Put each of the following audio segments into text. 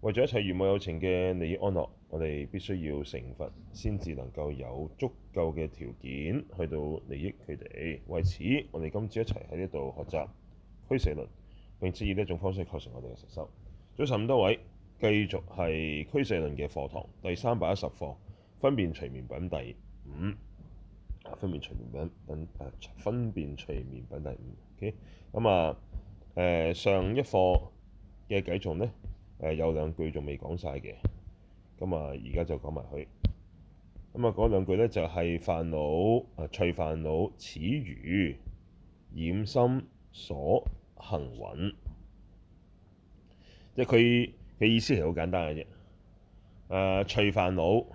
為咗一切如母有情嘅利益、安樂，我哋必須要成佛，先至能夠有足夠嘅條件去到利益佢哋。為此，我哋今次一齊喺呢度學習俱舍論，並且以呢一種方式構成我哋嘅實修。早晨，咁多位繼續係俱舍論嘅課堂第三百一十課，分辨隨眠品第五、啊。分辨隨眠品，等誒分辨隨眠品第五、okay？O K，咁啊誒上一課嘅繼續呢？誒、呃、有兩句仲未講晒嘅，咁啊而家就講埋佢，咁啊講兩句咧就係煩惱啊隨煩惱，此、啊、餘染心所行蘊，即係佢嘅意思係好簡單嘅啫。誒、啊、隨煩惱，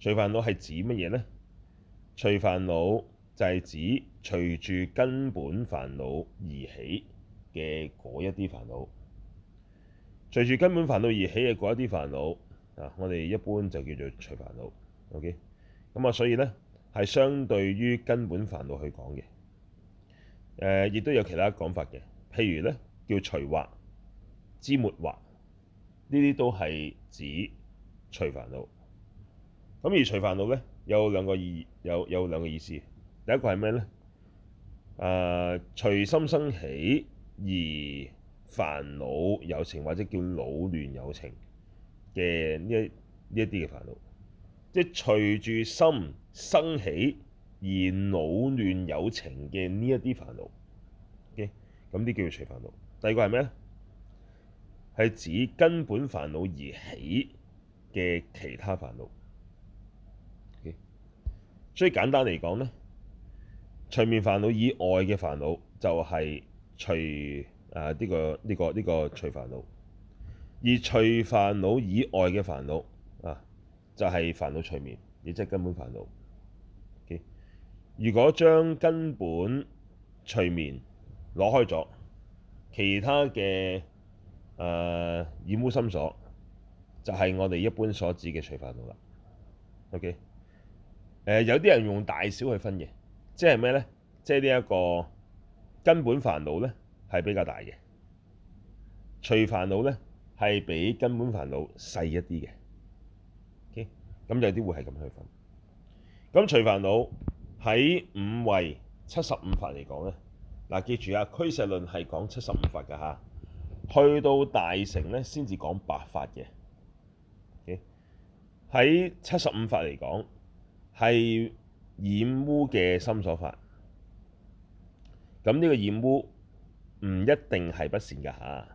隨煩惱係指乜嘢咧？隨煩惱就係指隨住根本煩惱而起嘅嗰一啲煩惱。隨住根本煩惱而起嘅嗰一啲煩惱，啊，我哋一般就叫做隨煩惱。OK，咁啊，所以咧係相對於根本煩惱去講嘅。誒、呃，亦都有其他講法嘅。譬如咧叫隨惑、枝末惑，呢啲都係指隨煩惱。咁而隨煩惱咧有兩個意義，有有兩個意思，第一個係咩咧？誒、呃，隨心生起而煩惱、有情或者叫惱亂有情嘅呢一呢一啲嘅煩惱，即係隨住心生起而惱亂有情嘅呢一啲煩惱，嘅咁啲叫做隨煩惱。第二個係咩咧？係指根本煩惱而起嘅其他煩惱。OK? 所以簡單嚟講呢隨眠煩惱以外嘅煩惱就係隨。啊！呢、呢個呢、呢個呢、呢個隨煩惱，而隨煩惱以外嘅煩惱啊，就係煩惱隨眠，亦即根本煩惱。Okay? 如果將根本隨眠攞開咗，其他嘅啊染污心所，就係、是、我哋一般所指嘅隨煩惱啦。OK，誒、啊、有啲人用大小去分嘅，即係咩咧？即係呢一個根本煩惱咧。係比較大嘅，隨煩惱呢，係比根本煩惱細一啲嘅。咁、okay? 有啲會係咁去分。咁隨煩惱喺五位七十五法嚟講呢，嗱，記住啊，俱舍論係講七十五法嘅吓，去到大乘呢，先至講百法嘅。喺、okay? 七十五法嚟講係染污嘅心所法。咁呢個染污。唔一定係不善嘅吓，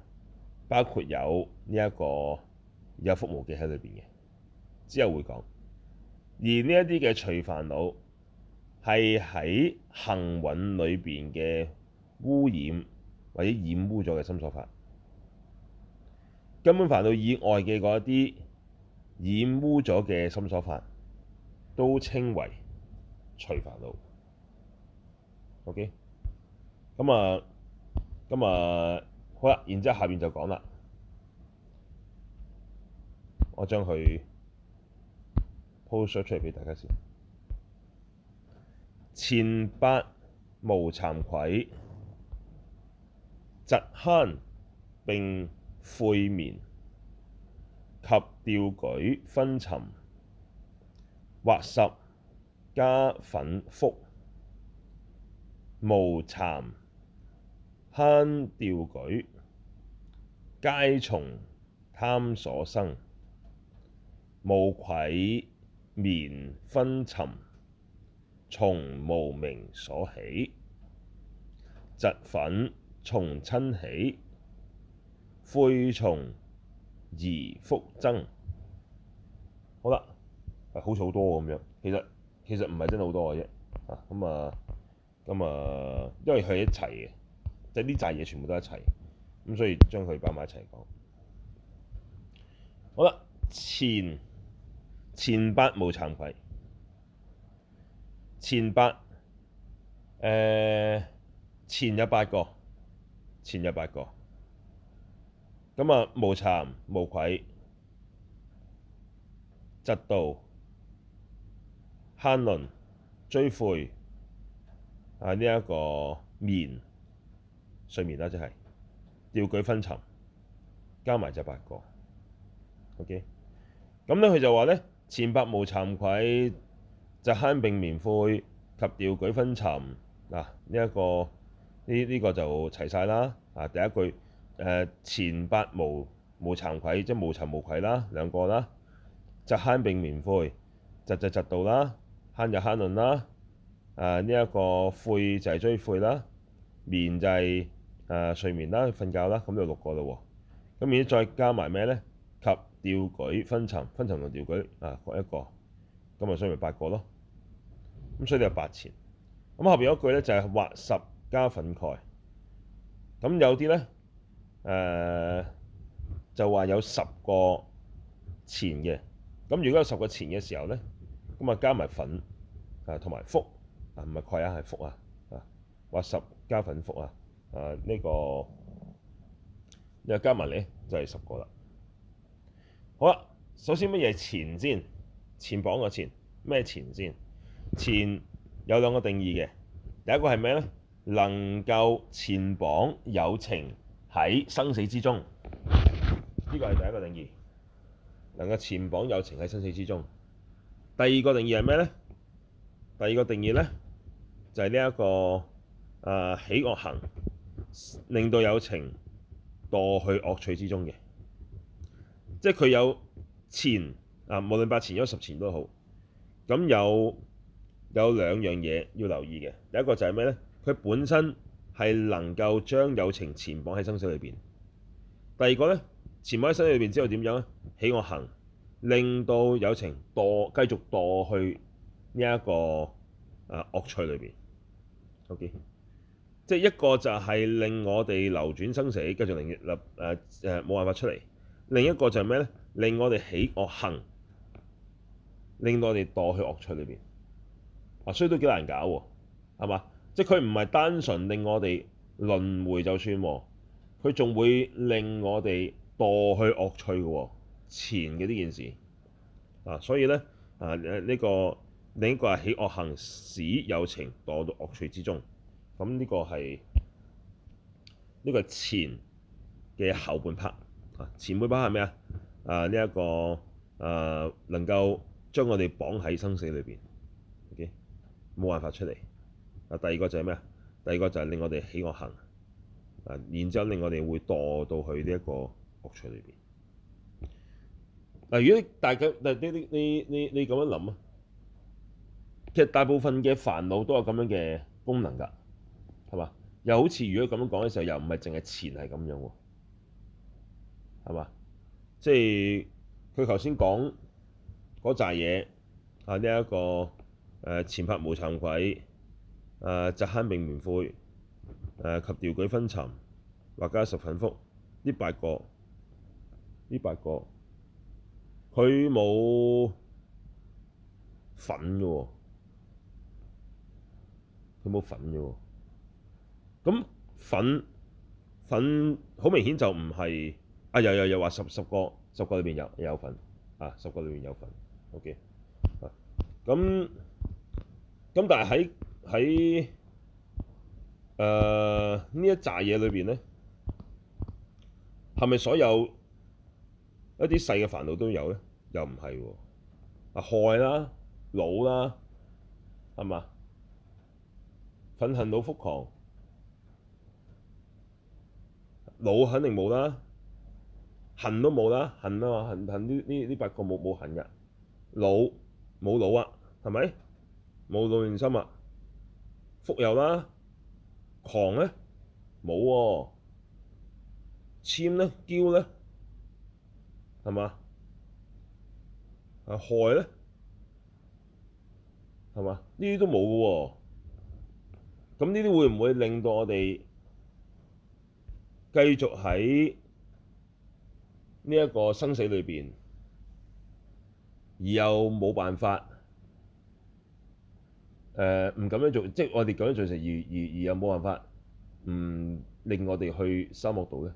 包括有呢、這、一個有覆無記嘅喺裏面嘅，之後會講。而呢一啲嘅隨煩惱係喺行蘊裏面嘅污染或者染污咗嘅心所法，根本煩惱以外嘅嗰一啲染污咗嘅心所法，都稱為隨煩惱。OK，咁啊。咁、嗯、啊、嗯，好啦，然之後下面就講啦，我將佢 post 出嚟畀大家先。纏八無慚愧，嫉慳並悔眠，及掉舉惛沈，或十加忿覆，無慚，慳掉舉皆從貪所生，無愧眠昏沉從無明所起，嫉忿從瞋起，悔從疑覆諍。好啦，好似好多咁樣，其實其實唔係真係好多嘅啫。啊，咁、嗯、啊，咁、嗯、啊、嗯，因為佢係一齊嘅。即係呢扎嘢全部都一齊，咁所以將佢擺埋一齊講。好啦，纏、纏八無慚愧，纏八誒、呃、纏八個，纏八個，咁啊無慚無愧，嫉妒慳吝追悔啊呢一、這個面。睡眠啦，即係掉舉昏沉，加埋就八個。OK，咁咧佢就話咧：纏八無慚愧，嫉慳並眠悔及掉舉惛沈嗱。呢、啊、一、這個呢呢、呢個就齊晒啦。啊，第一句誒、呃、纏八無無慚愧，即係無慚無愧啦，兩個啦。嫉慳並眠悔，嫉嫉嫉妒啦，慳就慳吝啦。誒呢一個悔就係追悔啦，眠就係、是。呃、睡眠啦，瞓覺啦，咁就六個啦，喔。咁而啲再加埋咩呢？及掉舉惛沈，惛沈同掉舉啊，各一個，咁啊，所以咪八個咯。咁所以就八纏。咁後邊一句呢，就係、是、或十加忿蓋。咁有啲呢，誒、呃、就話有十個纏嘅。咁如果有十個纏嘅時候呢，咁啊加埋忿啊同埋覆啊，唔係蓋啊，係覆啊啊或十加忿覆啊。誒、啊、呢、這個又、這個、加埋你，就係、是、十個啦。好啦，首先乜嘢纏先？纏縛，個纏，咩纏先？纏，有兩個定義嘅，第一個係咩咧？能夠纏縛有情喺生死之中，呢、這個係第一個定義。能夠纏縛有情喺生死之中。第二個定義係咩咧？第二個定義咧就係呢一個誒、啊、起惡行。令到有情墮去惡趣之中嘅，即係佢有纏啊，無論八纏、一十纏都好。咁有有兩樣嘢要留意嘅，第一個就係咩呢？佢本身係能夠將有情纏綁喺生死裏邊。第二個呢，纏綁喺生死裏邊之後點樣呢？起惡行，令到有情墮繼續墮去呢、這、一個誒、啊、惡趣裏邊。OK。即係一個就係令我哋流轉生死，繼續令業立冇辦法出嚟；另一個就係咩咧？令我哋起惡行，令到我哋墮去惡趣裏邊。啊，所以都幾難搞喎，係嘛？即係佢唔係單純令我哋輪迴就算，佢仲會令我哋墮去惡趣嘅前嘅呢件事。啊，所以咧啊誒呢、這個另一個係起惡行，使有情墮到惡趣之中。咁呢個係呢個纏嘅後半拍。啊，前半拍 a 係咩啊？呢一個能夠將我哋綁喺生死裏邊，OK，冇辦法出嚟。啊，第二個就係咩啊？第二個就係令我哋起惡行啊，然之後令我哋會墮到去呢一個惡趣裏邊。嗱、啊，如果大家你你你咁樣諗啊，其實大部分嘅煩惱都有咁樣嘅功能㗎。又好似如果咁樣講嘅時候，又唔係淨係纏係咁樣喎，係嘛？即係佢頭先講嗰扎嘢啊，呢、這、一個誒、呃、纏八無慚愧，誒、呃、嫉慳并悔眠，誒、呃、及掉舉惛沈，或十加忿覆，呢八個，呢八個，佢冇份嘅喎，佢冇份喎。咁忿忿好明顯就唔係啊！有有有話十十個十個裏邊有有忿啊！十個裏邊有忿，OK 啊？咁咁但係喺喺誒呢一扎嘢裏邊咧，係咪所有一啲細嘅煩惱都有咧？又唔係喎？啊，害啦、惱啦，係嘛？忿恨惱覆誑。惱肯定冇啦，恨都冇啦，恨啊嘛，恨恨呢呢八個冇冇恨噶，惱冇惱啊，係咪？冇老練心啊，覆有啦，誑咧冇喎，諂咧、啊、憍咧係嘛？啊害咧係嘛？呢啲都冇喎，啊，咁呢啲會唔會令到我哋？繼續喺呢一個生死裏邊，而又冇辦法誒，唔、呃、咁樣做，即、就、係、是、我哋咁樣做成，而而而又冇辦法唔令我哋去三惡道咧。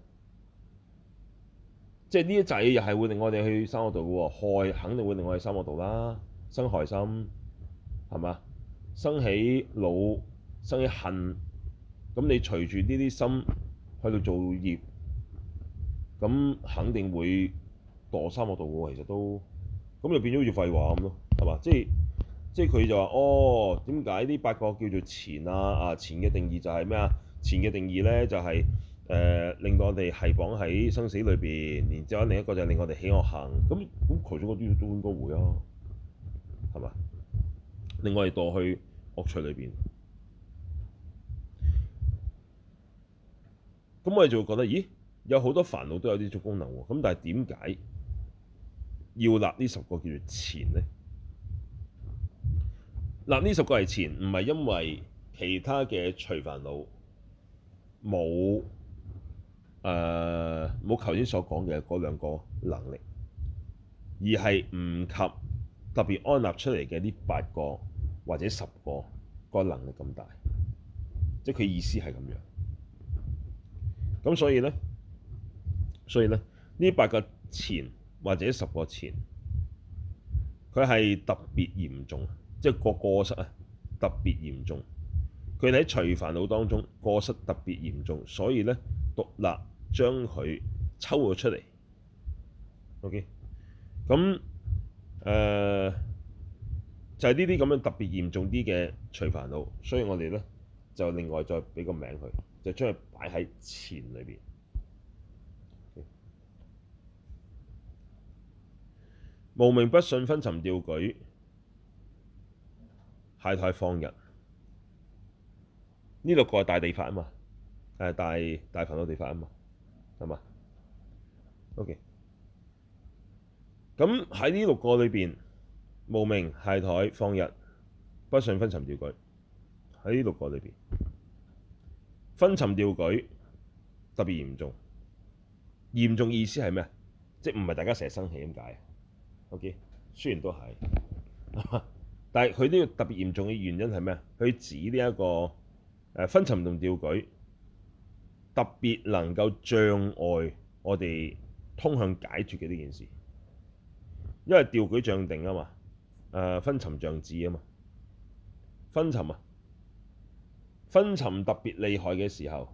即係呢一掣又係會令我哋去三惡道嘅喎，害肯定會令我哋去三惡道啦，生害心係嘛？生起惱，生起恨，咁你隨住呢啲心。喺度做業，咁肯定會墮三個度，其實都，咁就變咗好似廢話咁咯，係嘛？即係即係佢就話，哦，點解呢八個叫做纏啊？啊纏嘅定義就係咩啊？纏嘅定義咧就係、是呃、令到我哋係綁喺生死裏面，然之後另一個就令我哋起惡行，咁咁其中嗰啲都應該會咯、啊，係嘛？令我哋墮去惡趣裏面。咁我哋就會覺得，咦？有好多煩惱都有呢種功能喎。咁但係點解要立呢十個叫做纏呢？立呢十個係纏，唔係因為其他嘅除煩惱冇誒冇頭先所講嘅嗰兩個能力，而係唔及特別安立出嚟嘅呢八個或者十個個能力咁大。即係佢意思係咁樣。咁所以咧，所以咧，呢八個纏或者十個纏，佢係特別嚴重，即係個過失啊，特別嚴重。佢喺隨煩惱當中過失特別嚴重，所以咧獨立將佢抽咗出嚟。OK，咁誒、呃、就係呢啲咁樣特別嚴重啲嘅隨煩惱，所以我哋咧就另外再畀個名佢。就將佢擺喺纏裏邊。無明、不信、昏沉、掉舉，懈怠、放逸，呢六個係大地法啊嘛，係、呃、大大煩惱地法啊嘛，係嘛？OK。咁喺呢六個裏邊，無明、懈怠、放逸，不信、昏沉、掉舉，喺呢六個裏邊。昏沉掉舉特別嚴重，嚴重意思係咩？即係唔係大家成日生氣噉解。OK，雖然都係，但係佢呢個特別嚴重嘅原因係咩？佢指呢一個誒昏沉同掉舉特別能夠障礙我哋通向解脫嘅呢件事，因為掉舉障定啊嘛，誒昏沉障智啊嘛，昏沉啊。昏沉特別厲害嘅時候，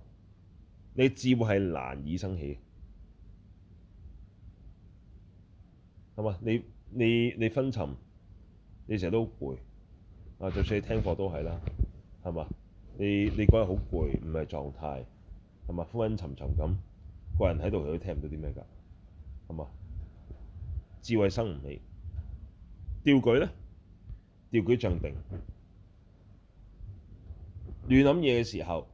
你智慧係難以生起，係嘛？你你你昏沉，你成日都攰，啊，就算你聽課都係啦，係嘛？你你覺得好攰，唔係狀態，同埋昏昏沉沉咁，個人喺度佢都聽唔到啲咩㗎，係嘛？智慧生唔起，掉舉咧，掉舉障定。亂諗嘢嘅時候，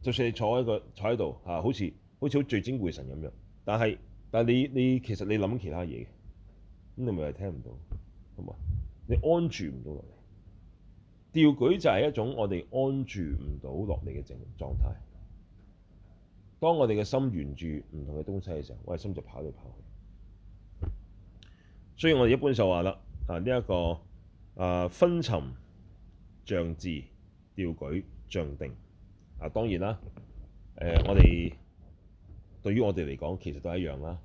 就算你坐喺度好似好似好聚精會神咁樣，但係但係你你其實你諗其他嘢嘅咁，你咪又聽唔到，係嘛？你安住唔到落嚟，掉舉就係一種我哋安住唔到落嚟嘅靜狀態。當我哋嘅心緣住唔同嘅東西嘅時候，我哋心就跑嚟跑去。所以我哋一般就話啦嚇，呢一個啊昏沉障智。掉舉障定啊，當然啦，誒、呃，我哋對於我哋嚟講，其實都係一樣啦，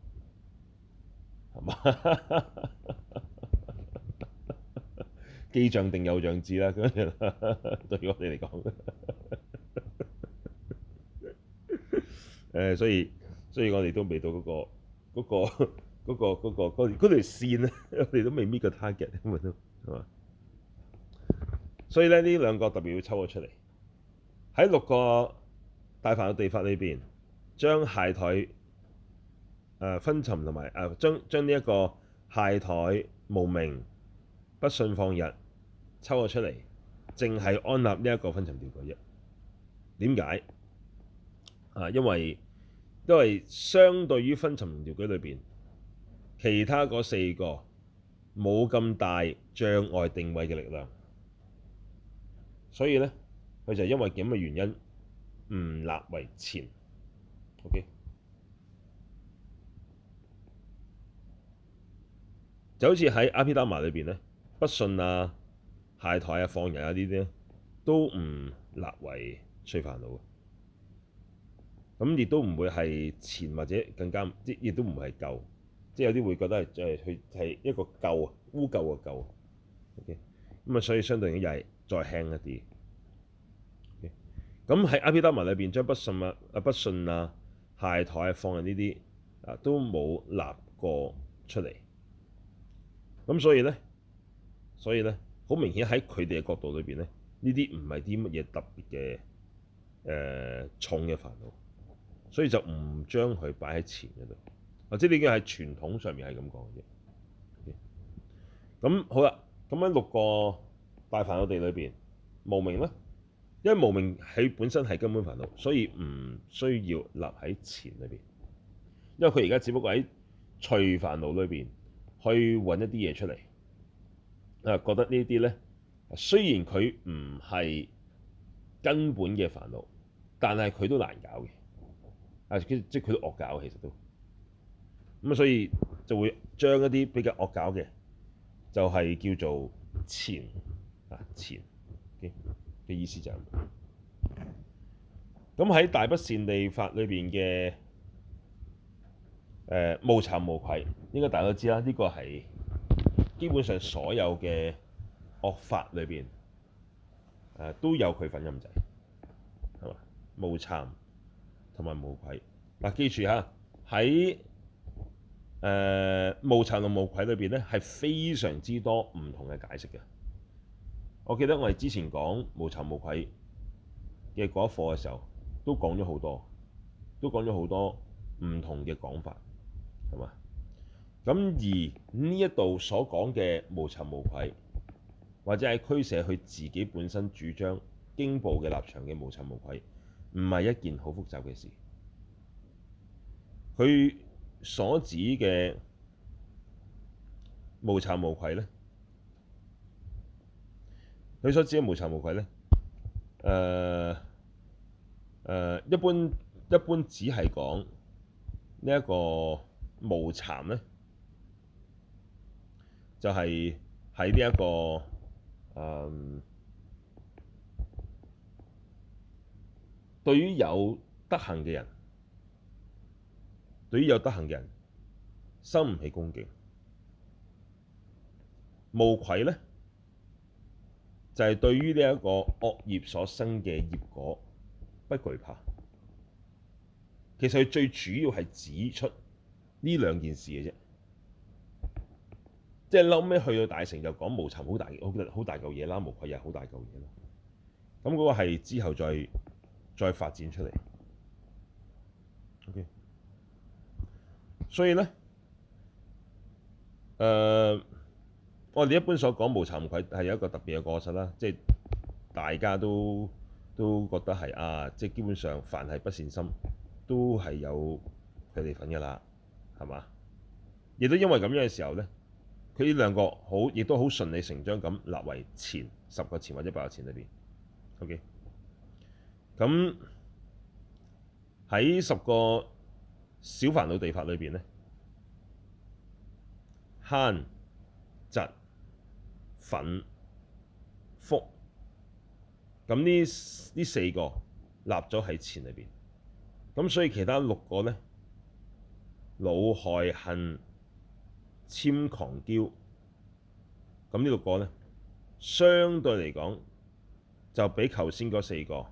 係嘛？既 障定又障智啦，咁樣對於我哋嚟講，誒、 呃，所以，所以我哋都未到嗰、那個，嗰、那個，那個，那個，條、那個，線咧，我哋都未 meet 個 target，咁樣，係嘛？所以呢，呢兩個特別要抽咗出嚟，喺六個大煩惱地法裏邊，將懈怠昏沉同埋將呢一個懈怠無明不信放逸抽咗出嚟，淨係安立呢一個昏沉掉舉啫。點解啊？因為因為相對於昏沉掉舉裏面，其他嗰四個冇咁大障礙定位嘅力量。所以呢，佢就因為咁嘅原因，唔立為纏。OK，就好似喺阿毗達磨裏邊咧，不信啊、懈怠啊、放逸啊呢啲咧，都唔立為隨煩惱。咁亦都唔會係纏，或者更加，亦都唔係垢。即、就、係、係、有啲會覺得係佢係一個垢啊，污垢嘅垢。OK，咁啊，所以相對於又係，再輕一啲，咁，okay. 喺阿毗達磨裏邊，將不信啊、啊不信啊、懈怠、啊、放逸呢啲啊，都冇立過出嚟。咁所以咧，所以咧，好明顯喺佢哋嘅角度裏邊咧，呢啲唔係啲乜嘢特別嘅誒、呃、重嘅煩惱，所以就唔將佢擺喺前嗰度，或者你呢啲喺傳統上面係咁講嘅啫。咁，okay. 好啦，咁喺六個。大煩惱地裏邊無明啦，因為無明佢本身係根本煩惱，所以唔需要立喺纏裏邊。因為佢而家只不過喺隨煩惱裏邊去揾一啲嘢出嚟啊，覺得這呢啲咧雖然佢唔係根本嘅煩惱，但係佢都難搞嘅啊！即係佢都惡搞，其實都咁，所以就會將一啲比較惡搞嘅就係、是、叫做纏。啊！纏嘅意思就係咁。喺《大不善地法》裏邊嘅誒無慚無愧，應該大家都知啦。呢、這個係基本上所有嘅惡法裏邊誒都有佢份陰仔，係嘛？無慚同埋無愧嗱、啊，記住嚇，喺誒無慚同無愧裏邊咧，係非常之多唔同嘅解釋嘅。我記得我哋之前講無慚無愧嘅嗰一課嘅時候，都講咗好多，都講咗好多唔同嘅講法，係嘛？咁而呢一度所講嘅無慚無愧，或者係俱舍佢自己本身主張經部嘅立場嘅無慚無愧，唔係一件好複雜嘅事。佢所指嘅無慚無愧咧？佢所指嘅無慚無愧咧，誒、呃、誒、呃，一般一般只係講呢一個無慚咧，就係喺呢一個誒、呃，對於有德行嘅人，對於有德行嘅人，心唔起恭敬，無愧咧。就係、是、對於呢一個惡業所生嘅業果不懼怕。其實佢最主要係指出呢兩件事嘅啫，即係後尾去到大城就講無慚好大好好大嚿嘢啦，無愧亦係好大嚿嘢啦，咁嗰個係之後再再發展出嚟。OK，所以咧，誒、呃。我哋一般所講無慚愧係有一個特別嘅過失啦，即係大家都都覺得係啊，即係基本上凡係不善心都係有佢哋份嘅啦，係嘛？亦都因為咁樣嘅時候咧，佢呢兩個好，亦都好順理成章咁立為纏十個纏或者八個纏裏邊。OK，咁喺十個小煩惱地法裏邊咧，慳、嫉。忿覆，咁呢呢四個立咗喺纏裏面，咁所以其他六個呢，惱、害、恨、諂、誑、憍，咁呢六個呢，相對嚟講就比頭先嗰四個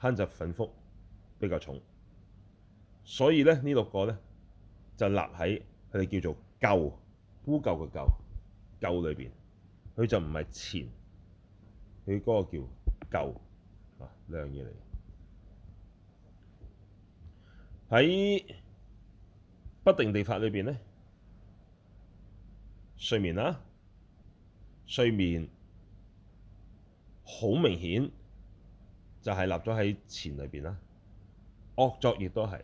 慳、嫉、忿、覆比較重，所以呢六個呢，就立喺佢哋叫做垢、污垢嘅垢，垢裏面，佢就唔係纏，佢嗰個叫垢啊，兩樣嘢嚟。喺不定地法裏邊咧，睡眠啦、啊，睡眠好明顯就係立咗喺纏裏邊啦。惡作亦都係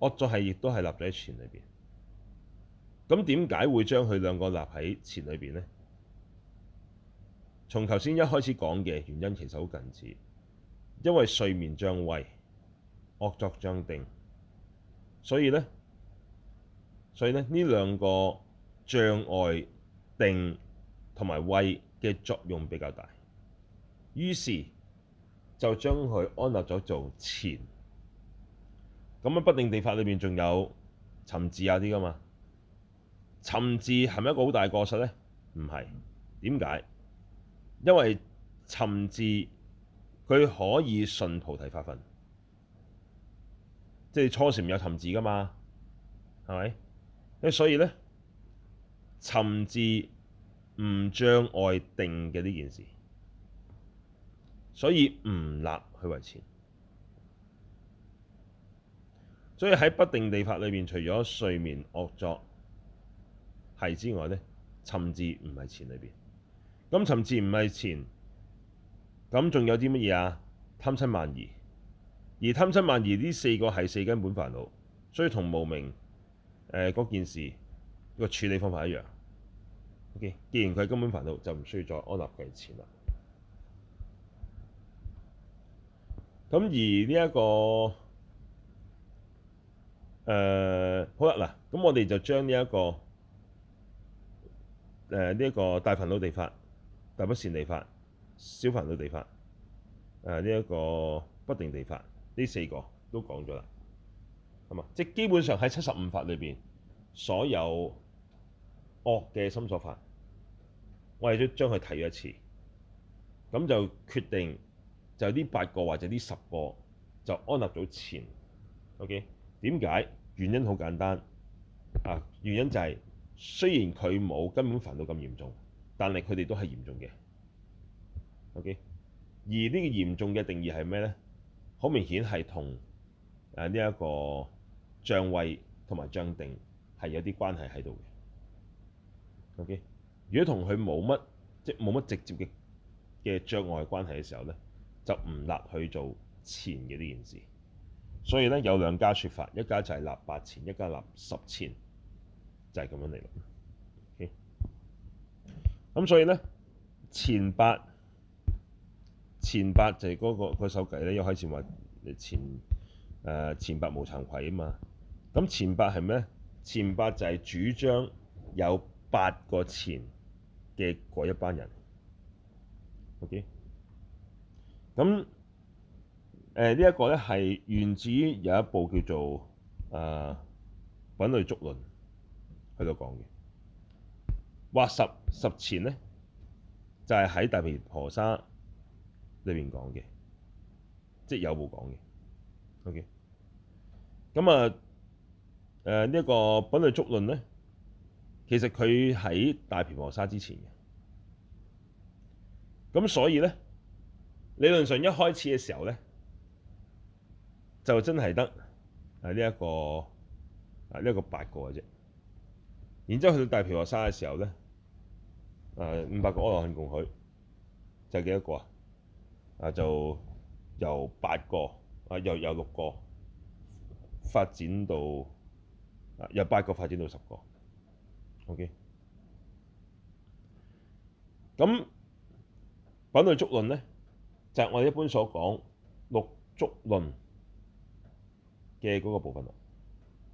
惡作係，亦都係立咗喺纏裏邊。咁點解會將佢兩個立喺纏裏邊咧？從頭先一開始講嘅原因其實好近似，因為睡眠障慧，惡作障定，所以呢，所以呢，呢兩個障礙定同埋慧嘅作用比較大，於是就將佢安立咗做纏。咁樣不定地法裏面，仲有尋伺啊啲噶嘛？尋伺係咪一個好大嘅過失咧？唔係，點解？因為尋伺，佢可以順菩提分法，即係初禪唔有尋伺㗎嘛，係咪？所以咧，尋伺唔障礙定嘅呢件事，所以唔立去為纏。所以喺不定地法裏邊，除咗睡眠惡作係之外咧，尋伺唔係纏裏邊。尋伺唔係纏，咁仲有啲乜嘢啊？貪瞋慢疑，而貪瞋慢疑呢四個係四根本煩惱，所以同無明誒嗰件事個處理方法一樣。O K，既然佢係根本煩惱，就唔需要再安立佢纏啦。咁而呢一個誒好啦，嗱，咁我哋就將呢一個誒呢一個大煩惱地法。有不善地法、小煩惱地法、誒呢一個不定地法，呢四個都講咗啦。係嘛，即係基本上喺七十五法裏邊，所有惡嘅心所法，我哋都將佢提咗一次。咁就決定就呢八個或者呢十個就安立咗纏。O.K. 點解？原因好簡單啊，原因就係、是、雖然佢冇根本煩惱咁嚴重。但係佢哋都係嚴重嘅，OK。而呢個嚴重嘅定義係咩咧？好明顯係同誒呢一個障慧同埋障定係有啲關係喺度嘅，OK。如果同佢冇乜即冇乜直接嘅嘅障礙關係嘅時候咧，就唔立去做纏嘅呢件事。所以咧有兩家説法，一家就係立八纏，一家立十纏，就係咁樣嚟啦。咁所以咧，纏八，纏八就係嗰、那個嗰首偈咧，又開始話纏誒纏八無慚愧啊嘛。咁纏八係咩？纏八就係主張有八個纏嘅嗰一班人。OK。咁誒呢一個咧係源自於有一部叫做《誒、呃、品類足論》喺度講嘅。話十十前咧，就係喺大毗婆沙裏面講嘅，即係有冇講嘅。OK，咁啊，呃呢一個品類足論咧，其實佢喺大毗婆沙之前嘅。咁所以咧，理論上一開始嘅時候咧，就真係得呢一個啊呢一個八個嘅啫，然之後去到大毗婆沙嘅時候咧。誒五百個阿羅漢共許，就幾多個啊？啊就由八個啊，由由六個發展到啊，由八個發展到十個。OK。咁品類足論咧，就係我哋一般所講六足論嘅嗰個部分啦。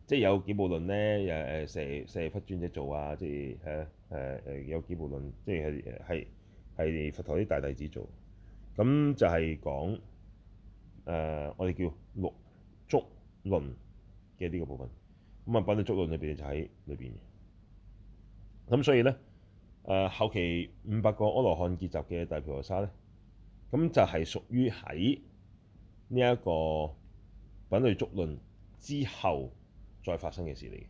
即係有幾部論咧？誒誒，社社忽尊者造啊，即係係啦。誒、嗯、誒有幾部論，即係係係佛陀啲大弟子做，咁就係講誒、呃、我哋叫六足論嘅呢個部分，咁啊品類足論裏邊就喺裏邊嘅，咁所以咧誒、呃、後期五百個阿羅漢結集嘅大毗婆沙咧，咁就係屬於喺呢一個品類足論之後再發生嘅事嚟嘅。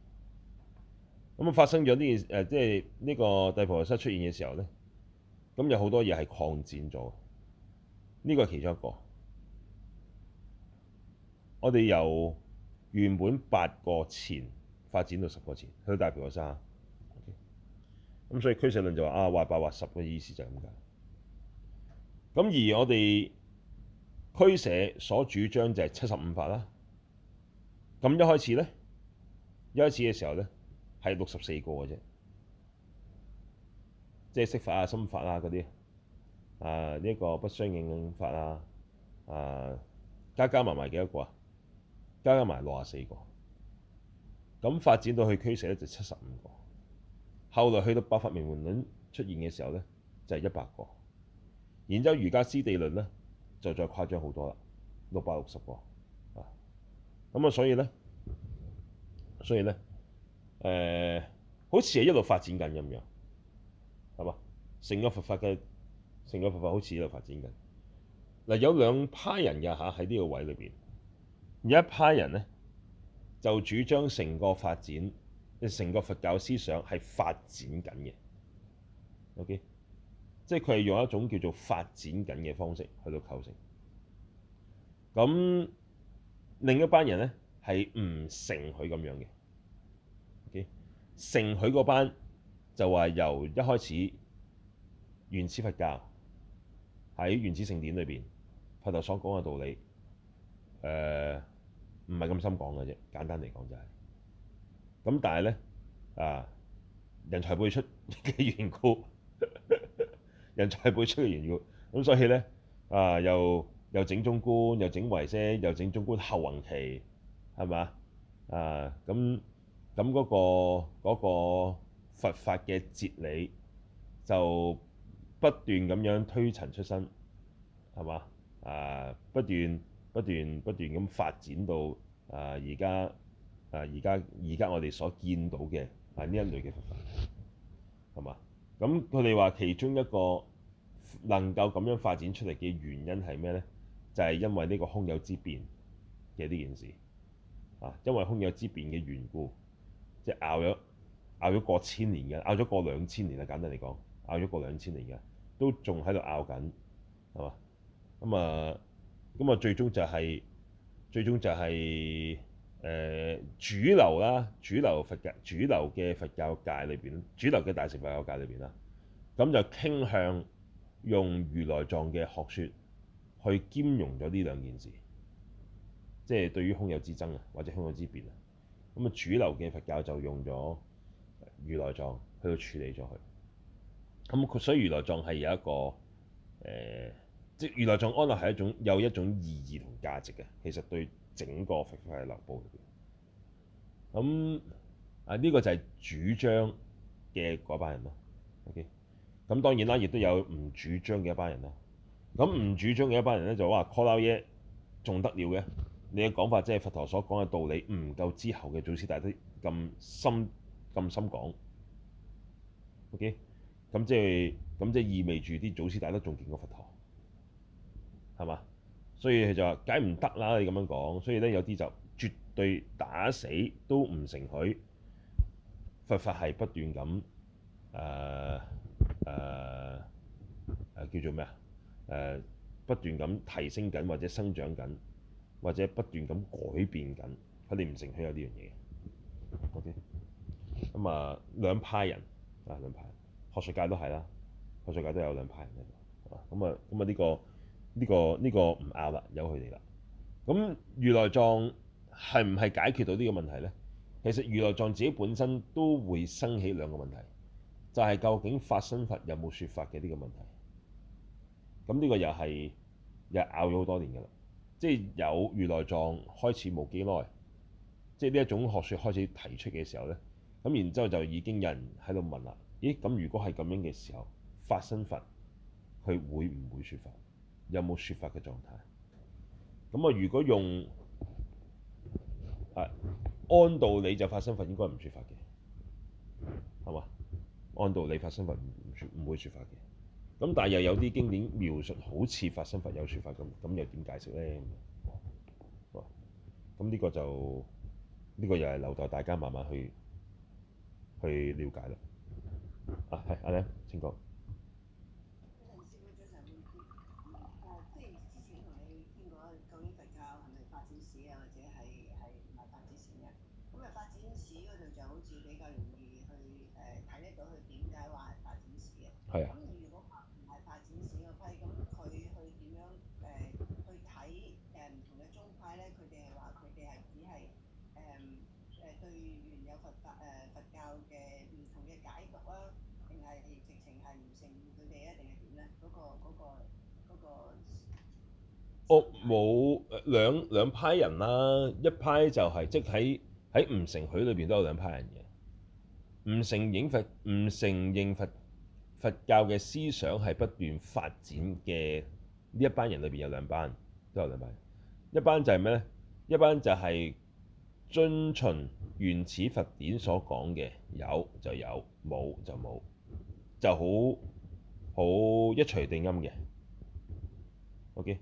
咁啊！發生咗呢件誒、呃，即係呢個大毗婆沙出現嘅時候咧，咁有好多嘢係擴展咗。呢個係其中一個。我哋由原本八個纏發展到十個纏，去到大毗婆沙。咁所以俱舍論就話啊，或八或十嘅意思就係咁解。咁而我哋俱舍所主張就係七十五法啦。咁一開始咧，一開始嘅時候咧，係六十四個嘅啫，即係色法啊、心法啊嗰啲，啊呢一、這個不相應法啊，啊加加埋埋幾多個啊？加加埋六十四個，咁發展到去俱舍咧就七十五個，後來去到百法明門論出現嘅時候咧就係一百個，然之後瑜伽師地論咧就再誇張好多啦，六百六十個啊，咁啊所以咧，所以咧。所以呢誒、呃，好似係一路發展緊咁樣，係嘛？成個佛法嘅成個佛法好似一路發展緊。嗱，有兩派人嘅下喺呢個位裏面，有一批人咧就主張成個發展，成個佛教思想係發展緊嘅。OK，即係佢係用一種叫做發展緊嘅方式去到構成。咁另一班人咧係唔承許咁樣嘅。承許嗰班就話由一開始原始佛教，喺原始聖典裏邊，佛陀所講嘅道理，誒唔係咁深講嘅啫，簡單嚟講就係、是、咁。但係咧啊，人才輩出嘅緣故， 人才輩出嘅緣故，咁所以咧啊，又又整中觀，又整唯識，又整中觀後運期，係嘛啊咁。咁嗰個嗰個佛法嘅哲理就不斷咁樣推陳出新，係嘛啊？不斷不斷不斷咁發展到啊！而家啊！而家而家我哋所見到嘅係呢一類嘅佛法，係嘛？咁佢哋話其中一個能夠咁樣發展出嚟嘅原因係咩呢？就係因為呢個空有之變嘅呢件事啊，因為空有之變嘅緣故。即係拗咗拗咗過千年嘅，拗咗過兩千年啦，簡單嚟講，拗咗過兩千年嘅，都仲喺度拗緊，係嘛？咁、嗯、啊，咁、嗯、啊、嗯嗯，最終就係、是、最終就係、是、誒、呃、主流啦，主流佛教，主流嘅佛教界裏邊，主流嘅大乘佛教界裏邊啦，咁就傾向用如來藏嘅學説去兼容咗呢兩件事，即係對於空有之爭啊，或者空有之辯啊。咁啊主流嘅佛教就用咗如來藏去到處理咗佢，咁佢所以如來藏係有一個誒、呃，即係如來藏安樂係一種有一種意義同價值嘅，其實對整個佛法嘅流布入面。咁啊呢、啊呢個就係主張嘅嗰班人咯，OK。咁當然啦，亦都有唔主張嘅一班人啦。咁唔主張嘅一班人咧就話 c a l l i 嘢，仲得了嘅。你嘅講法即係佛陀所講嘅道理唔夠之後嘅祖師大德咁深咁深講，OK？咁即係咁即係意味住啲祖師大德仲勁過佛陀，係嘛？所以佢就話：解唔得啦，你咁樣講。所以咧有啲就絕對打死都唔承許，佛法係不斷咁誒誒誒叫做咩啊？誒、呃、不斷咁提升緊或者生長緊。或者不斷咁改變緊，佢哋唔承認有呢樣嘢。O.K. 咁啊，兩派人啊，兩派學術界都係啦，學術界都有兩派人喺度。咁啊，咁啊，呢個呢個呢個唔拗啦，由佢哋啦。咁如來藏係唔係解決到呢個問題咧？其實如來藏自己本身都會生起兩個問題，就係、是、究竟法身佛有冇說法嘅呢個問題。咁呢個又係又係拗咗好多年噶啦。即係有如來藏開始冇幾耐，即係呢一種學説開始提出嘅時候咧，咁然之後就已經有人喺度問啦：咦，咁如果係咁樣嘅時候，發生佛佢會唔會説法？有冇説法嘅狀態？咁啊，如果用啊按道理就發生佛應該唔説法嘅，係嘛？按道理發生佛唔唔會説法嘅。咁但係又有啲經典描述好似發生佛有説法咁，咁又點解釋咧？咁、哦、呢個就呢、呢個又係留待大家慢慢去去了解啦。啊，係阿靚請講、啊。之前同你傾過，究竟佛教係咪發展史啊，或者係發展史咁啊，發展史嗰度就好似比較容易去誒睇得到佢點解話係發展史嘅。係啊。屋、哦、冇兩兩批人啦、啊，一派就係、是、即喺喺唔承許裏邊都有兩批人嘅，唔承認佛唔承認佛佛教嘅思想係不斷發展嘅呢一班人裏邊有兩班，都有兩班。一班就係咩呢？一班就係遵循原始佛典所講嘅，有就有，冇就冇，就好好一錘定音嘅。OK。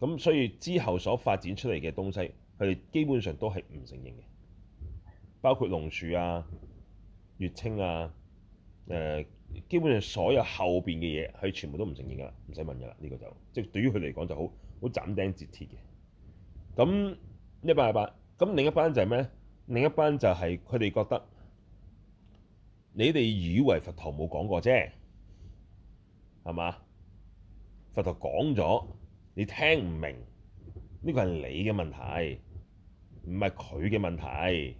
咁所以之後所發展出嚟嘅東西，佢哋基本上都係唔承認嘅，包括龍樹啊、月稱啊，誒、呃，基本上所有後邊嘅嘢，佢全部都唔承認噶啦，唔使問噶啦，呢、這個就即係、就是、對於佢嚟講就好好斬釘截鐵嘅。咁一百廿八，咁另一班就係咩？另一班就係佢哋覺得，你哋以為佛陀冇講過啫，係嘛？佛陀講咗。你聽唔明，呢個係你嘅問題，唔係佢嘅問題。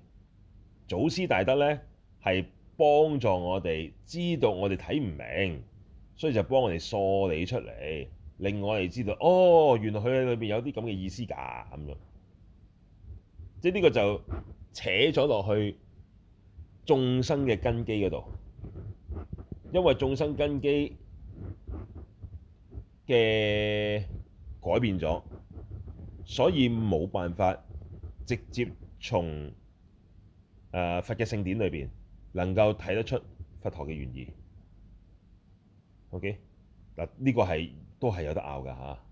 祖師大德呢係幫助我哋知道我哋睇唔明，所以就幫我哋梳理出嚟，令我哋知道哦，原來佢喺裏面有啲咁嘅意思噶，咁樣。即係呢個就扯咗落去眾生嘅根基嗰度，因為眾生根基嘅。改變咗，所以冇辦法直接從佛嘅聖典裏面能夠睇得出佛學嘅原意。OK，嗱呢個係都係有得拗㗎吓，啊，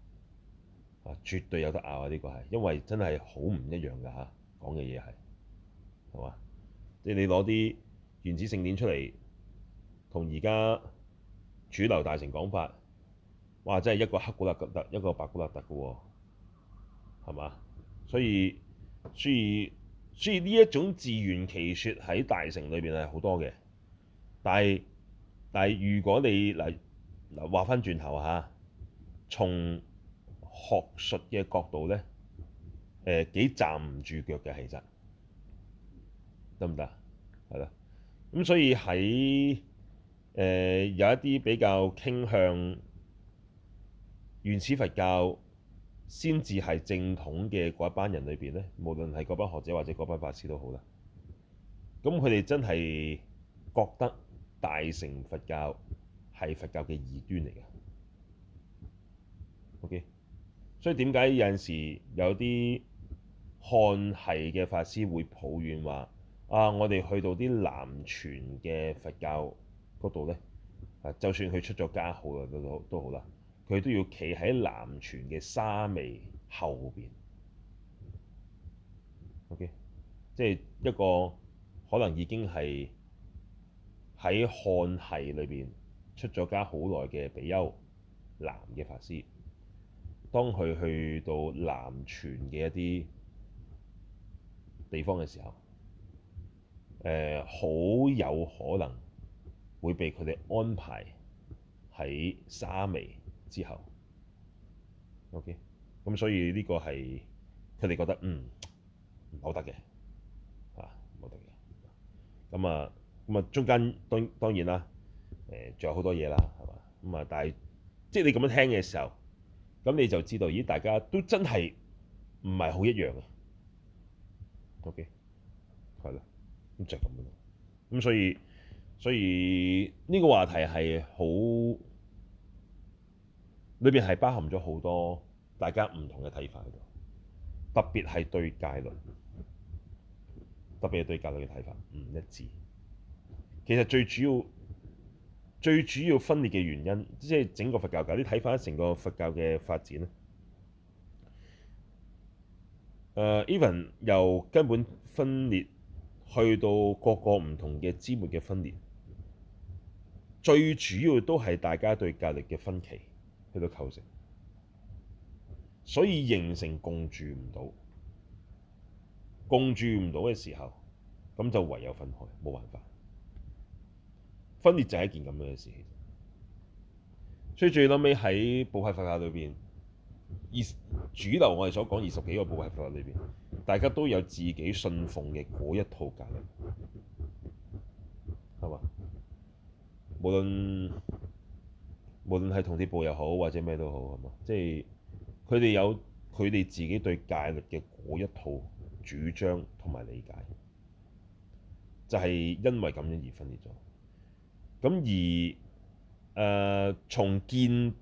啊絕對有得拗啊！呢個係因為真係好唔一樣㗎吓、啊，講嘅嘢係係嘛？即係你攞啲原始聖典出嚟，同而家主流大乘講法。話真係一個黑古立吉特，一個白古立特嘅喎，係嘛？所以，所以，所以呢一種自圓其説喺大城裏邊係好多嘅。但係，但係如果你嗱嗱話翻轉頭嚇，從學術嘅角度咧，誒、呃、幾站唔住腳嘅，其實得唔得？係啦。咁所以喺誒、呃、有一啲比較傾向。原始佛教先至係正統嘅嗰一班人裏邊呢，無論係嗰班學者或者嗰班法師都好啦。咁佢哋真係覺得大乘佛教係佛教嘅異端嚟嘅。O.K. 所以點解有陣時有啲漢系嘅法師會抱怨話啊，我哋去到啲南傳嘅佛教嗰度呢，就算佢出咗家也好啊，也好都好啦。佢都要企喺南泉嘅沙彌後邊，OK，即係一個可能已經係喺漢系裏邊出咗家好耐嘅比丘男嘅法師。當佢去到南泉嘅一啲地方嘅時候，誒，好有可能會被佢哋安排喺沙彌。之後，OK，咁所以呢個係佢哋覺得嗯唔好得嘅，啊唔好得嘅，咁啊咁啊中間當當然啦，誒、呃、仲有好多嘢啦，係嘛，咁啊但係即係你咁樣聽嘅時候，咁你就知道咦大家都真係唔係好一樣啊。OK，係啦，咁就係咁咯，咁所以所以呢個話題係好。裏面係包含咗好多大家唔同嘅睇法喺度，特別係對戒律，特別係對戒律嘅睇法唔一致。其實最主要最主要分裂嘅原因，即係整個佛教教嘅睇法，成個佛教嘅發展呢，誒，even 由根本分裂去到各個唔同嘅枝末嘅分裂，最主要都係大家對戒律嘅分歧。去到構成，所以形成共住唔到，共住唔到嘅時候，咁就唯有分開，冇辦法。分裂就係一件咁樣嘅事情，所以最後尾喺部派佛教裏邊，二主流我哋所講二十幾個部派佛教裏邊，大家都有自己信奉嘅嗰一套教理，係嘛？無論。無論係同啲部又好，或者咩都好，係嘛？即係佢哋有佢哋自己對戒律嘅嗰一套主張同埋理解，就係、是、因為咁樣而分裂咗。咁而誒、呃、從見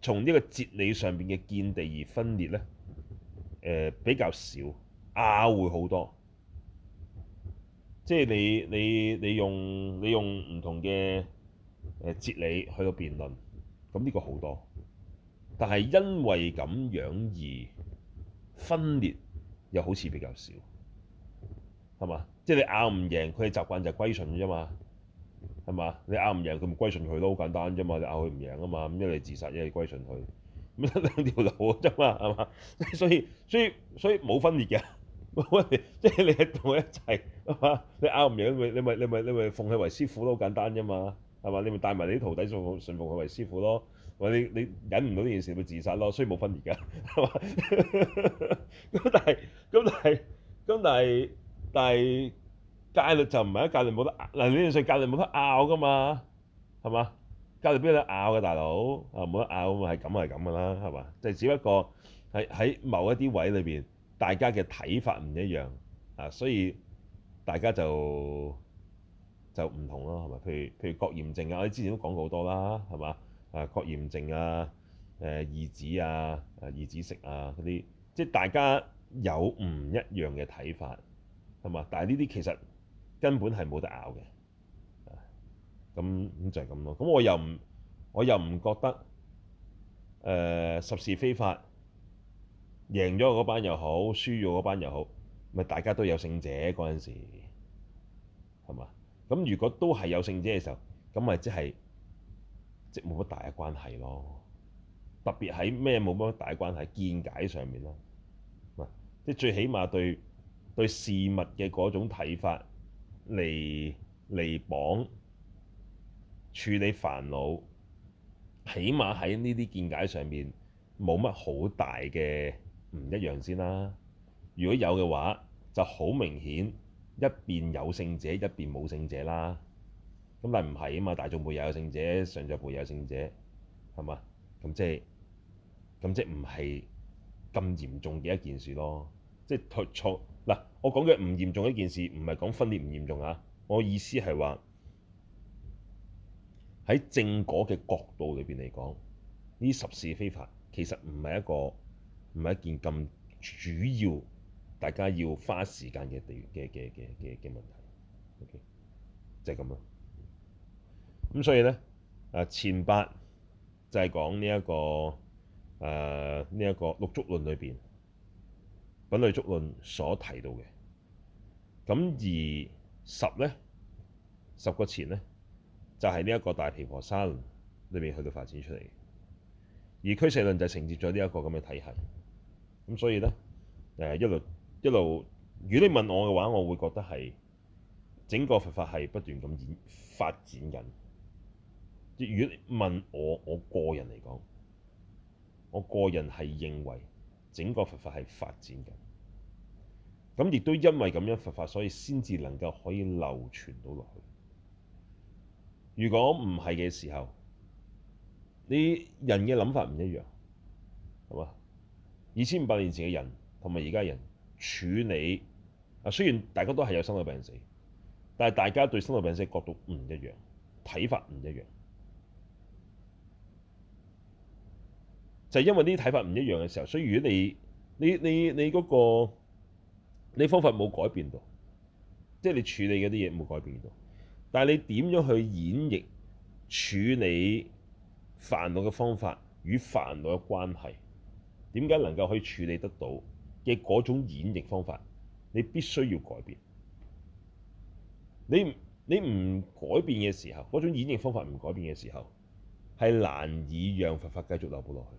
從呢個哲理上邊嘅見地而分裂咧，誒、呃、比較少拗、啊、會好多，即係你你你用你用唔同嘅誒哲理去到辯論。咁呢個好多，但係因為咁樣而分裂又好似比較少，係嘛？即係你拗唔贏佢嘅習慣就係歸順啫嘛，係嘛？你拗唔贏佢咪歸順佢都好簡單啫嘛。你拗佢唔贏啊嘛，咁一係自殺，一係歸順佢，咁得兩條路啫嘛，係嘛？所以所以所以冇分裂嘅，冇分裂，即係你係同佢一齊，係嘛？你拗唔贏佢，咪你咪你咪你咪奉佢為師傅都好簡單啫嘛。係嘛？你咪帶埋你啲徒弟信奉信奉佢為師傅咯，或者你你忍唔到呢件事，咪自殺咯。所以冇分裂㗎，係 嘛？咁但係，咁但係，咁但係，但係，戒律就唔係，喺戒律冇得嗱呢件嘢，戒律冇得拗㗎嘛，係嘛？戒律邊有得拗㗎，大佬啊冇得拗，咪係咁係咁㗎啦，係嘛？就係只不過係喺某一啲位裏邊，大家嘅睇法唔一樣啊，所以大家就～就唔同咯，係咪？譬如譬如郭炎靜啊，我哋之前都講過好多啦，係嘛？啊，郭炎靜啊，誒二子啊，誒二子食啊嗰啲，即係大家有唔一樣嘅睇法，係嘛？但係呢啲其實根本係冇得拗嘅，咁咁就係咁咯。咁我又唔我又唔覺得誒、呃、十事非法贏咗嗰班又好，輸咗嗰班又好，咪大家都有勝者嗰陣時係嘛？咁如果都係有性者嘅時候，咁咪即係即冇乜大嘅關係咯。特別喺咩冇乜大嘅關係見解上面啦，唔係即最起碼對對事物嘅嗰種睇法嚟嚟綁處理煩惱，起碼喺呢啲見解上面冇乜好大嘅唔一樣先啦、啊。如果有嘅話，就好明顯。一邊有勝者，一邊冇勝者啦。咁嗱唔係啊嘛，大眾部有勝者，上座部有勝者，係嘛？咁即係，咁即係唔係咁嚴重嘅一件事咯？即係退錯。嗱，我講嘅唔嚴重一件事，唔係講分裂唔嚴重啊。我意思係話喺正果嘅角度裏邊嚟講，呢十事非法其實唔係一個，唔係一件咁主要。大家要花時間嘅地嘅嘅嘅嘅嘅問題，OK，就係咁啦。咁所以咧，誒纏八就係講呢、這、一個誒呢一個六足論裏邊品類足論所提到嘅。咁而十咧，十個纏咧就係呢一個大毗婆沙論裏面去到發展出嚟，而俱舍論就承接咗呢一個咁嘅體系。咁所以咧，誒一路。一路，如果你問我嘅話，我會覺得係整個佛法係不斷咁演發展緊。如果你問我，我個人嚟講，我個人係認為整個佛法係發展緊。咁亦都因為咁樣佛法，所以先至能夠可以流傳到落去。如果唔係嘅時候，你人嘅諗法唔一樣，係嘛？二千五百年前嘅人同埋而家人。和現在的人處理啊，雖然大家都係有生老病死，但係大家對生老病死嘅角度唔一樣，睇法唔一樣，就係因為呢啲睇法唔一樣嘅時候，所以如果你你你你嗰個呢方法冇改變到，即係你處理嗰啲嘢冇改變到，但係你點樣去演繹處理煩惱嘅方法與煩惱嘅關係？點解能夠可以處理得到？嘅嗰種演繹方法，你必須要改變你。你你唔改變嘅時候，嗰種演繹方法唔改變嘅時候，係難以讓佛法繼續流布落去。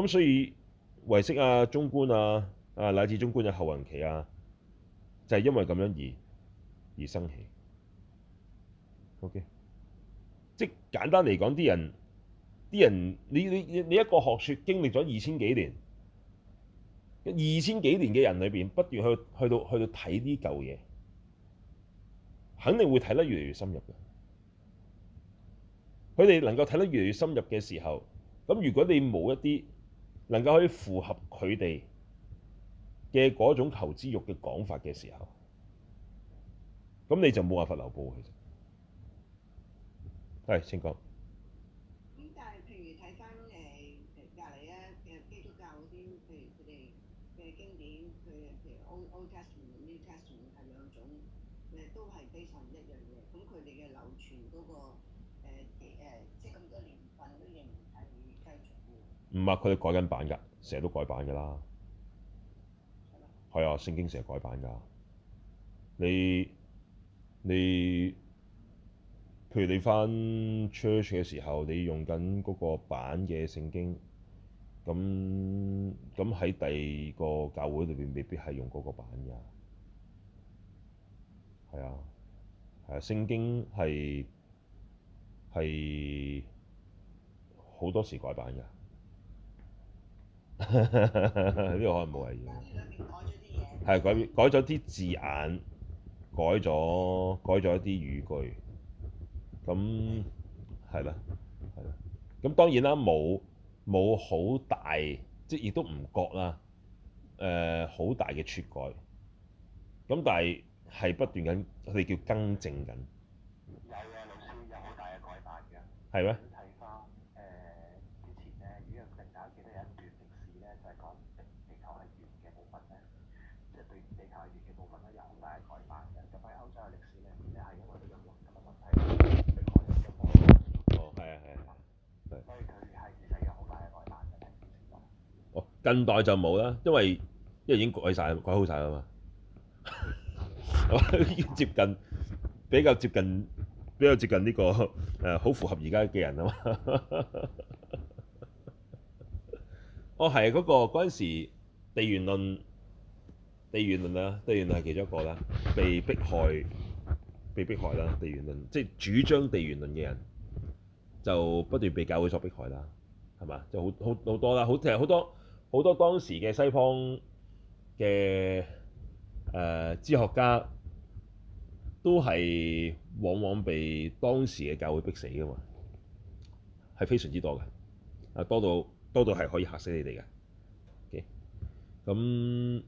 咁所以唯識啊中觀啊啊乃至中觀嘅後弘期啊，就係、是、因為咁樣而而生起。OK，即係簡單嚟講，啲人啲人你你你一個學説經歷咗二千幾年。二千幾年嘅人裏邊不斷去去到去到睇啲舊嘢，肯定會睇得越嚟越深入嘅。佢哋能夠睇得越嚟越深入嘅時候，咁如果你冇一啲能夠可以符合佢哋嘅嗰種求知欲嘅講法嘅時候，咁你就冇辦法留步。其實。係，請講。唔係佢哋改緊版㗎，成日都改版㗎啦。係啊，聖經成日改版㗎。你你譬如你翻 church 嘅時候，你用緊嗰個版嘅聖經，咁咁喺第二個教會裏邊未必係用嗰個版㗎。係啊，係啊，聖經係係好多時改版㗎。呢個可能冇危險。係改咗啲字眼，改咗改咗啲語句。咁係啦，係啦。咁當然啦，冇冇好大，即亦都唔覺啦。誒、呃，好大嘅篡改。咁但係係不斷咁，佢哋叫更正緊。有啊，老師有好大嘅改版㗎。係咩？近代就冇啦，因為因為已經改晒，改好晒啦嘛，係嘛？ 要接近比較接近比較接近呢、這個誒，好、呃、符合而家嘅人啊嘛。 哦，係嗰、那個嗰陣時地圓論，地圓論啦，地圓論係其中一個啦，被迫害被迫害啦，地圓論即係、就是、主張地圓論嘅人，就不斷被教會所迫害啦，係嘛？就好好好多啦，好其實好多。好多好多好多當時嘅西方嘅誒哲學家都係往往被當時嘅教會逼死㗎嘛，係非常之多嘅，啊多到多到係可以嚇死你哋嘅。咁、okay? 誒、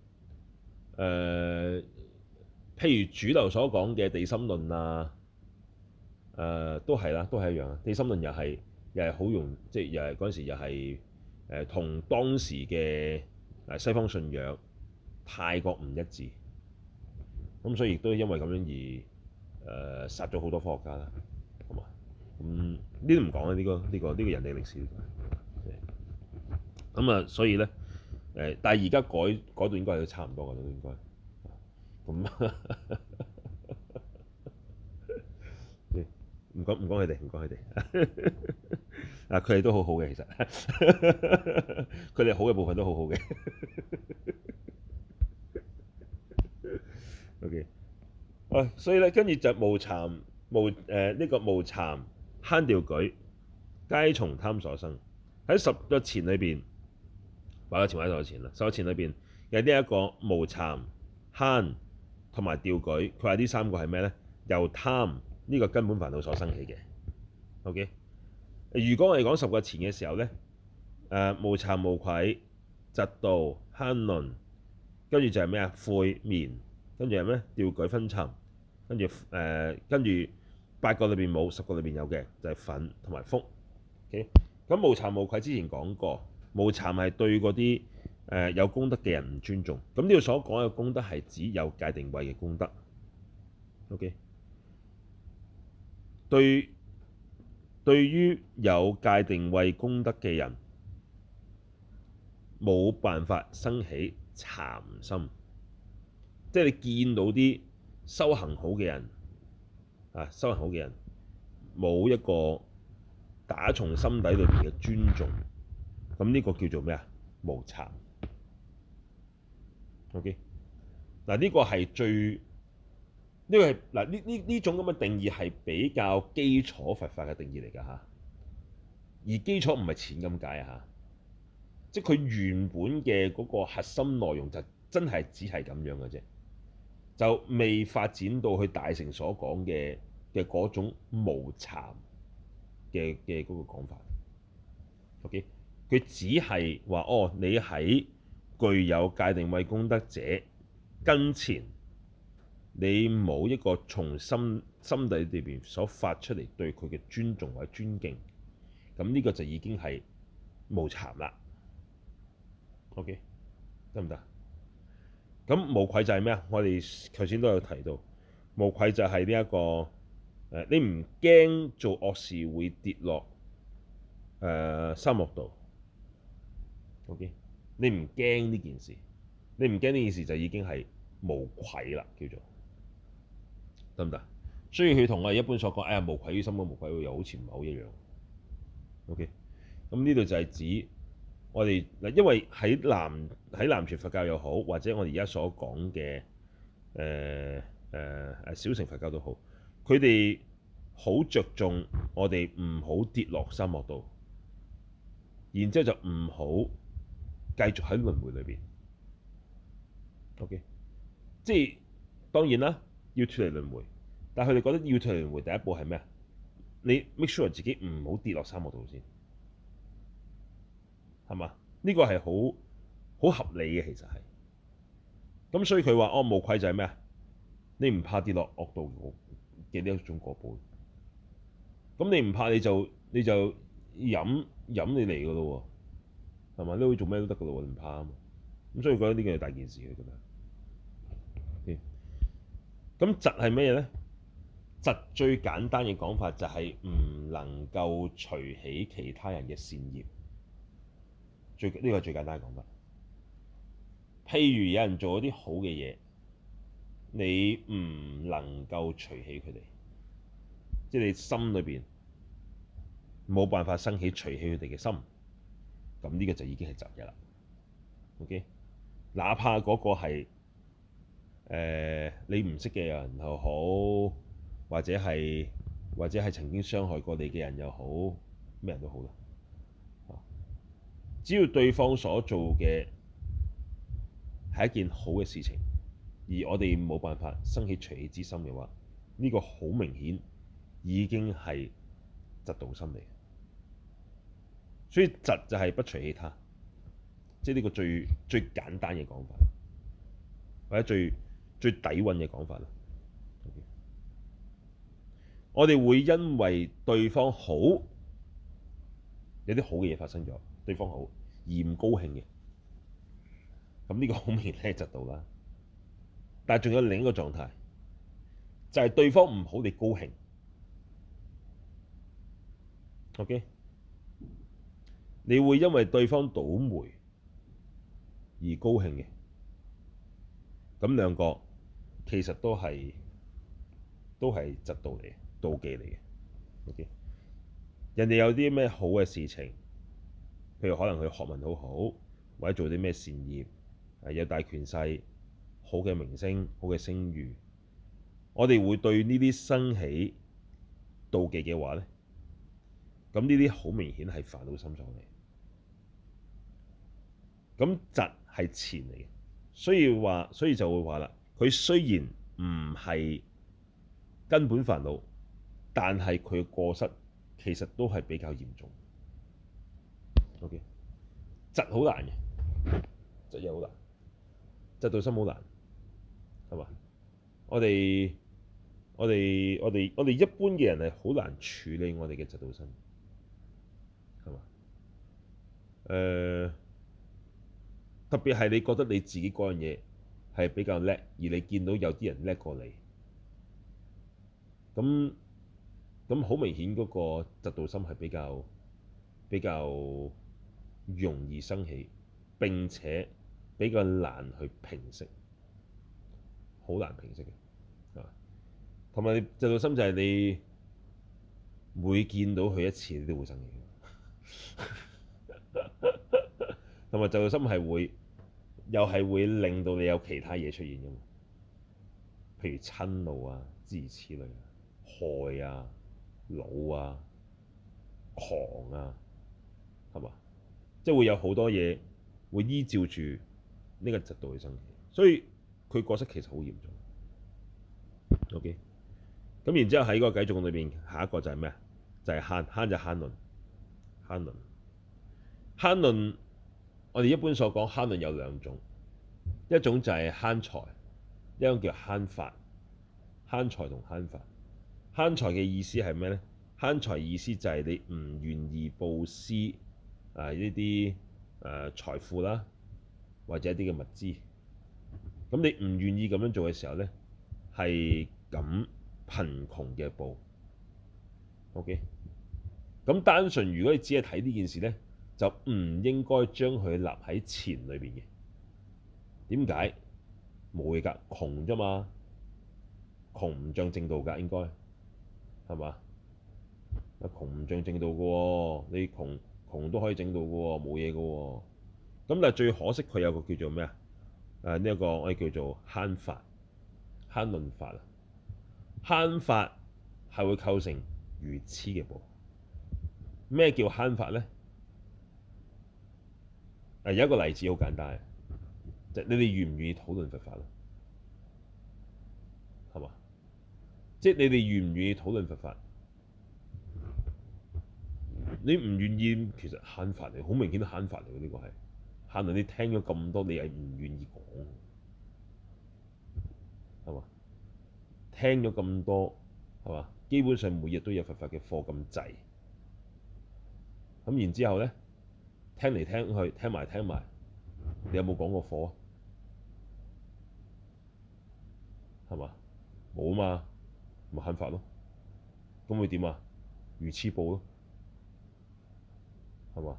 呃，譬如主流所講嘅地心論啊，誒、呃、都係啦，都係一樣啊。地心論又係又係好用，即係又係嗰陣時又係。誒同當時嘅誒西方信仰太過唔一致，咁所以亦都因為咁樣而誒、呃、殺咗好多科學家啦，好嘛？咁呢啲唔講啦，呢、呢個呢、呢個呢、呢個人類歷史，咁啊，所以咧誒、呃，但係而家改改到應該都差唔多噶啦，應該咁唔講唔講佢哋，唔講佢哋。嗱，佢哋都好好嘅，其實佢哋好嘅部分都好好嘅。OK，、啊、所以咧，跟住就無慚無誒呢個無慚慳掉舉，皆從貪所生。喺十個纏裏邊，所有纏，所多纏啦，所有纏裏邊有呢一個無慚慳同埋掉舉，佢話呢三個係咩咧？由貪呢、呢個根本煩惱所生起嘅。OK。如果我哋講十個纏嘅時候咧，誒、呃、無慚無愧、嫉妒、慳吝，跟住就係咩啊？悔眠，跟住係咩？掉舉昏沉，跟住誒，跟、呃、住八個裏邊冇，十個裏邊有嘅就係、是、忿同埋覆。o、okay? 咁無慚無愧之前講過，無慚係對嗰啲誒有功德嘅人唔尊重。咁呢度所講嘅功德係指有戒定慧嘅功德。OK，對。對於有戒定慧功德嘅人，冇辦法生起慚心，即係你見到啲修行好嘅人，啊，修行好嘅人冇一個打從心底裏面嘅尊重，咁呢個叫做咩啊？無慚。OK，嗱，呢個係最。呢個係，嗱呢呢呢種咁嘅定義係比較基礎佛法嘅定義嚟㗎嚇，而基礎唔係淺咁解嚇，即係佢原本嘅嗰個核心內容就真係只係咁樣嘅啫，就未發展到去大乘所講嘅嘅嗰種無慚嘅嘅嗰個講法。OK，佢只係話哦，你喺具有戒定慧功德者跟前。你冇一個從心心底裏邊所發出嚟對佢嘅尊重或者尊敬，咁呢個就已經係無慚啦。OK，得唔得？咁無愧就係咩啊？我哋頭先都有提到，無愧就係呢一個誒，你唔驚做惡事會跌落誒、呃、沙漠度。OK，你唔驚呢件事，你唔驚呢件事就已經係無愧啦，叫做。得唔得？所以佢同我哋一般所講，哎呀，無愧於心嘅無愧於，又好似唔係好一樣。OK，咁呢度就係指我哋嗱，因為喺南喺南傳佛教又好，或者我哋而家所講嘅誒誒小乘佛教都好，佢哋好着重我哋唔好跌落沙漠度，然之後就唔好繼續喺輪迴裏邊。OK，即係當然啦。要脫離輪迴，但係佢哋覺得要脫離輪迴，第一步係咩啊？你 make sure 自己唔好跌落三惡道先，係嘛？呢個係好好合理嘅，其實係。咁所以佢話：哦，無愧就係咩啊？你唔怕跌落惡道嘅呢一種果報？咁你唔怕，你就你就飲飲你嚟㗎咯喎，係嘛？你可以做咩都得㗎咯喎，你唔怕啊嘛。咁所以覺得呢個係大件事嚟㗎。咁嫉係咩咧？嫉最簡單嘅講法就係唔能夠隨喜其他人嘅善業，最呢個係最簡單嘅講法。譬如有人做咗啲好嘅嘢，你唔能夠隨喜佢哋，即係你心裏面冇辦法生起隨喜佢哋嘅心，咁呢個就已經係嫉嘅啦。OK，哪怕嗰個係。誒、呃，你唔識嘅人又好，或者係或者係曾經傷害過你嘅人又好，咩人都好啦。只要對方所做嘅係一件好嘅事情，而我哋冇辦法生起隨喜之心嘅話，呢、這個好明顯已經係嫉妒心嚟。所以嫉就係不隨喜他，即係呢個最最簡單嘅講法，或者最。最底韻嘅講法啦，我哋會因為對方好，有啲好嘅嘢發生咗，對方好而唔高興嘅，咁呢個好明顯係嫉妒啦。但係仲有另一個狀態，就係、是、對方唔好你高興，OK？你會因為對方倒楣而高興嘅，咁兩個。其實都係都係嫉妒嚟嘅，妒忌嚟嘅。O.K. 人哋有啲咩好嘅事情，譬如可能佢學問好好，或者做啲咩善業，有大權勢、好嘅名聲，好嘅聲譽，我哋會對呢啲生起妒忌嘅話咧，咁呢啲好明顯係煩惱心上嚟。咁嫉係纏嚟嘅，所以話，所以就會話啦。佢雖然唔係根本煩惱，但係佢過失其實都係比較嚴重的。OK，嫉好難嘅，嫉嘢好難，嫉妒心好難，係嘛？我哋我哋我哋我哋一般嘅人係好難處理我哋嘅嫉妒心，係嘛？誒、呃，特別係你覺得你自己嗰樣嘢，係比較叻，而你見到有啲人叻過你，咁咁好明顯嗰個嫉妒心係比較比較容易生起，並且比較難去平息，好難平息嘅。啊，同埋你嫉妒心就係你每見到佢一次你都會生起的，同埋嫉妒心係會。又係會令到你有其他嘢出現嘅嘛？譬如瞋怒啊，諸如此類、啊，害啊、惱啊、誑啊，係嘛？即、就、係、是、會有好多嘢會依照住呢個質度去生嘅，所以佢角色其實好嚴重。OK，咁然之後喺個計眾裏邊，下一個就係咩啊？就係慳慳就慳吝，慳吝，慳吝。我哋一般所講慳吝有兩種，一種就係慳財，一種叫慳法。慳財同慳法，慳財嘅意思係咩呢？慳財意思就係你唔願意佈施啊呢啲誒財富啦，或者一啲嘅物資。咁你唔願意咁樣做嘅時候呢，係咁貧窮嘅報。OK，咁單純如果你只係睇呢件事呢。就唔應該將佢立喺纏裏邊嘅，點解？冇嘢㗎？窮啫嘛，窮唔像正道㗎，應該係嘛？窮唔像正道嘅喎，你窮窮都可以正道嘅喎，冇嘢嘅喎。咁嗱，最可惜佢有個叫做咩啊？誒呢一個我哋叫做慳法、慳吝法啊，慳法係會構成愚痴嘅噃。咩叫慳法咧？有一個例子好簡單嘅，就係你哋願唔願意討論佛法咯？係嘛？即係你哋願唔願意討論佛法？你唔願意，其實慳法嚟，好明顯都慳法嚟嘅呢個係。慳到你聽咗咁多，你係唔願,願意講，係嘛？聽咗咁多，係嘛？基本上每日都有佛法嘅課咁滯，咁然之後咧。聽嚟聽去，聽埋聽埋，你有冇講過課啊？係嘛？冇啊嘛，咪慳法咯。咁會點啊？愚癡報咯，係嘛？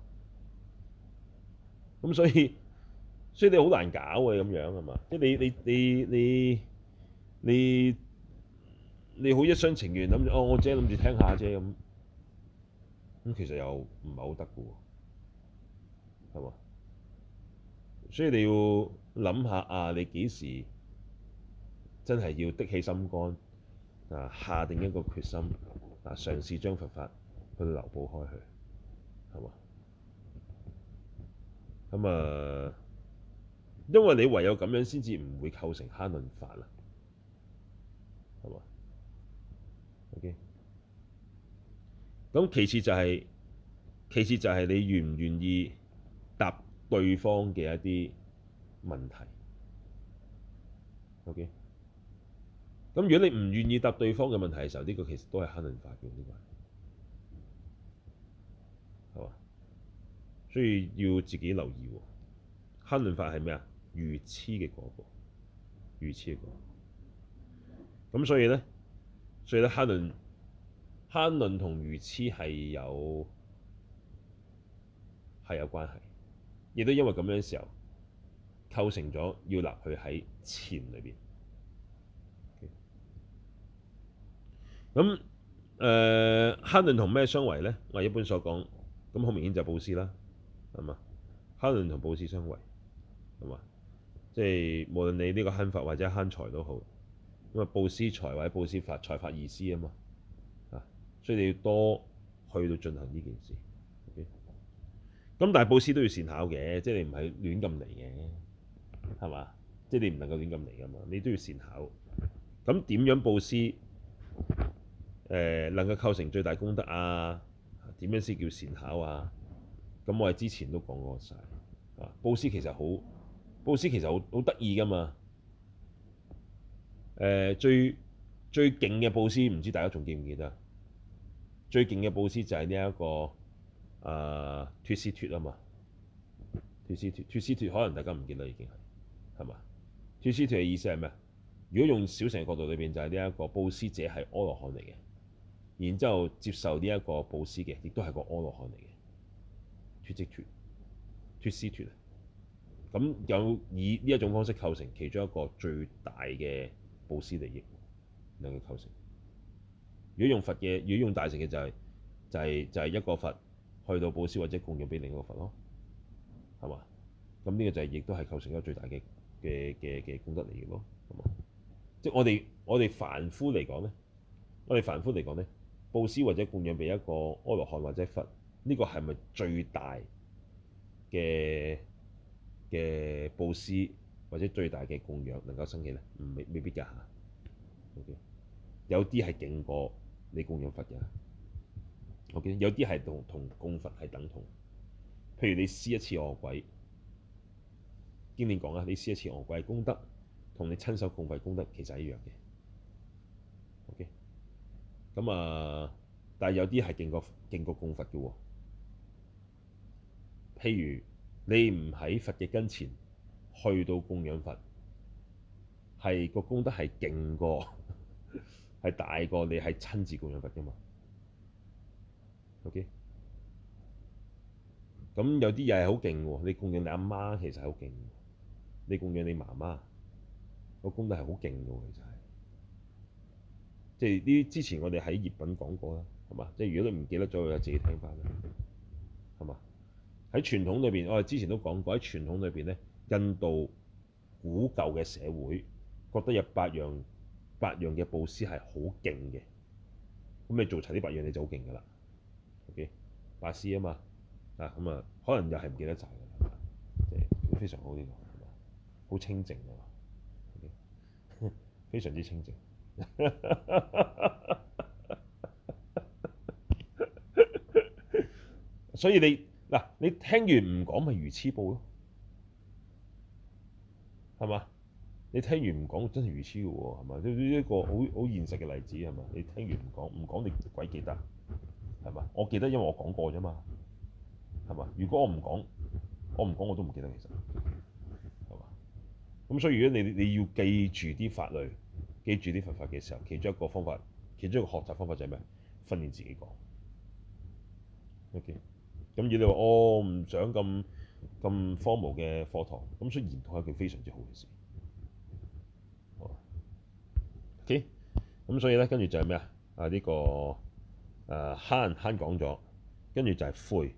咁所以，所以你好難搞嘅咁樣係嘛？即係你你你你你你好一廂情願諗住哦，我只係諗住聽下啫咁。咁其實又唔係好得嘅喎。係嘛？所以你要諗下啊，你幾時真係要的起心肝，啊？下定一個決心啊，嘗試將佛法去流布開去，係嘛？咁啊，因為你唯有咁樣先至唔會構成慳吝法啦，係嘛？OK。咁其次就係、是，其次就係你願唔願意？答對方嘅一啲問題，OK。咁如果你唔願意答對方嘅問題嘅時候，呢、這個其實都是係慳吝法嘅呢個，係嘛、啊？所以要自己留意喎。慳吝法係咩啊？愚癡嘅，嗰個愚癡嘅。咁所以咧，所以咧，慳吝，慳吝同愚癡係有係有關係，亦都因為咁樣時候構成咗要立佢喺纏裏邊。咁、okay. 誒，慳吝同咩相違咧？我一般所講，咁好明顯就係布施啦，係嘛？慳吝同布施相違，係嘛？即、就、係、是、無論你呢個慳法或者慳財都好，因為布施財或者布施法，財法二施啊嘛，嚇，所以你要多去到進行呢件事。咁但係布施都要善巧嘅，即係你唔係亂咁嚟嘅，係嘛？即係你唔能夠亂咁嚟噶嘛，你都要善巧。咁點樣布施？誒、呃、能夠構成最大功德啊？點樣先叫善巧啊？咁我係之前都講過晒。啊，佈施其實好，布施其實好好得意噶嘛。誒、呃、最最勁嘅布施，唔知大家仲記唔記得？最勁嘅布施就係呢一個。啊、uh！脫施脫啊嘛，脫施脫，脫施脫，脫脫可能大家唔記得已經係，係嘛？脫施脫嘅意思係咩？如果用小乘角度裏邊，就係呢一個布施者係阿羅漢嚟嘅，然之後接受呢一個布施嘅亦都係個阿羅漢嚟嘅。脫施脫，脫施脫咁有以呢一種方式構成其中一個最大嘅布施利益，能夠構成。如果用佛嘅，如果用大乘嘅，就是，就係、是、就係就係一個佛。去到布施或者供養俾另一個佛咯，係嘛？咁呢個就係亦都係構成一個最大嘅嘅嘅嘅功德嚟嘅咯，係嘛？即係我哋我哋凡夫嚟講咧，我哋凡夫嚟講咧，布施或者供養俾一個阿羅漢或者佛，呢個係咪最大嘅嘅布施或者最大嘅供養能夠生起咧？唔未未必㗎嚇。Okay. 有啲係勁過你供養佛㗎。OK，有啲係同同供佛係等同，譬如你施一次餓鬼，經典講啊，你施一次餓鬼嘅功德，同你親手供佛功德其實係一樣嘅。OK，咁、嗯、啊，但係有啲係勁過勁過供佛嘅喎，譬如你唔喺佛嘅跟前，去到供養佛，係個功德係勁過，係大過你係親自供養佛嘅嘛。OK，咁有啲嘢係好勁嘅喎。你供養你阿媽其實係好勁嘅，你供養你媽媽個功德係好勁嘅，其實係即係呢啲。之前我哋喺業品講過啦，係嘛？即係如果你唔記得咗，就自己聽翻啦，係嘛？喺傳統裏邊，我哋之前都講過喺傳統裏邊咧，印度古舊嘅社會覺得有八樣八樣嘅布施係好勁嘅，咁你做齊啲八樣你就好勁㗎啦。拜師啊嘛，嗱咁啊，可能又係唔記得曬嘅，係咪？即係非常好呢個，係咪？好清靜㗎嘛，非常之清靜。 所以你嗱，你聽完唔講咪愚痴報咯，係嘛？你聽完唔講真係愚痴嘅喎，係咪？呢呢一個好好現實嘅例子，係咪？你聽完唔講唔講，你鬼記得？係嘛？我記得，因為我講過啫嘛。係嘛？如果我唔講，我唔講我都唔記得，其實係嘛？咁所以如果你你要記住啲法律，記住啲佛法嘅時候，其中一個方法，其中一個學習方法就係咩？訓練自己講。OK。咁如果你話我唔想咁咁荒謬嘅課堂，咁所以研討係一件非常之好嘅事。OK。咁所以咧，跟住就係咩啊？啊呢個。誒慳慳講咗，跟住就係悔。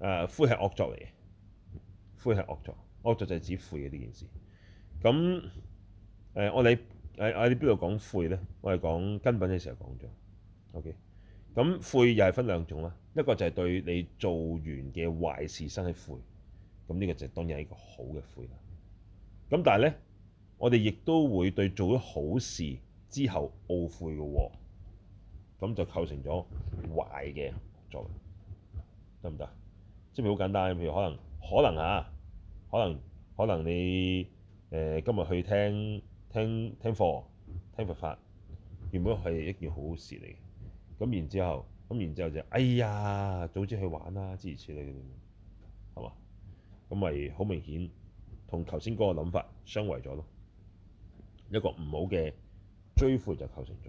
誒、啊、悔係惡作嚟嘅，悔係惡作，惡作就係指悔嘅呢件事。咁誒我哋誒我哋邊度講悔咧？我哋講、呃、根本嘅時候講咗。OK，咁悔又係分兩種啦，一個就係對你做完嘅壞事生起悔，咁呢個就當然係一個好嘅悔啦。咁但係咧，我哋亦都會對做咗好事之後懊悔嘅喎、哦。咁就構成咗壞嘅作用，得唔得？即係好簡單，譬如可能可能嚇，可能可能，可能你，呃，今日去聽聽聽課聽佛法，法，原本係一件好事嚟嘅，咁然之後咁然之後就哎呀，早知去玩啦諸如此類嘅呢啲，係嘛？咁咪好明顯同頭先嗰個諗法相違咗咯，一個唔好嘅追悔就構成咗。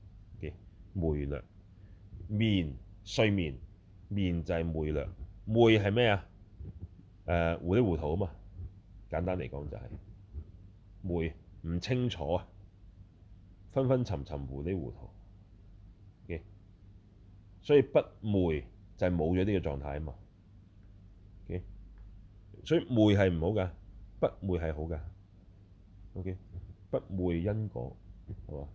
昧略眠睡眠眠就係昧略，昧係咩啊？誒糊裡糊塗啊嘛！簡單嚟講就係昧唔清楚啊，昏昏沉沉糊裡糊塗嘅，所以不昧就係冇咗呢個狀態啊嘛。嘅，所以昧係唔好噶，不昧係好噶。O.K. 不昧因果，好嘛？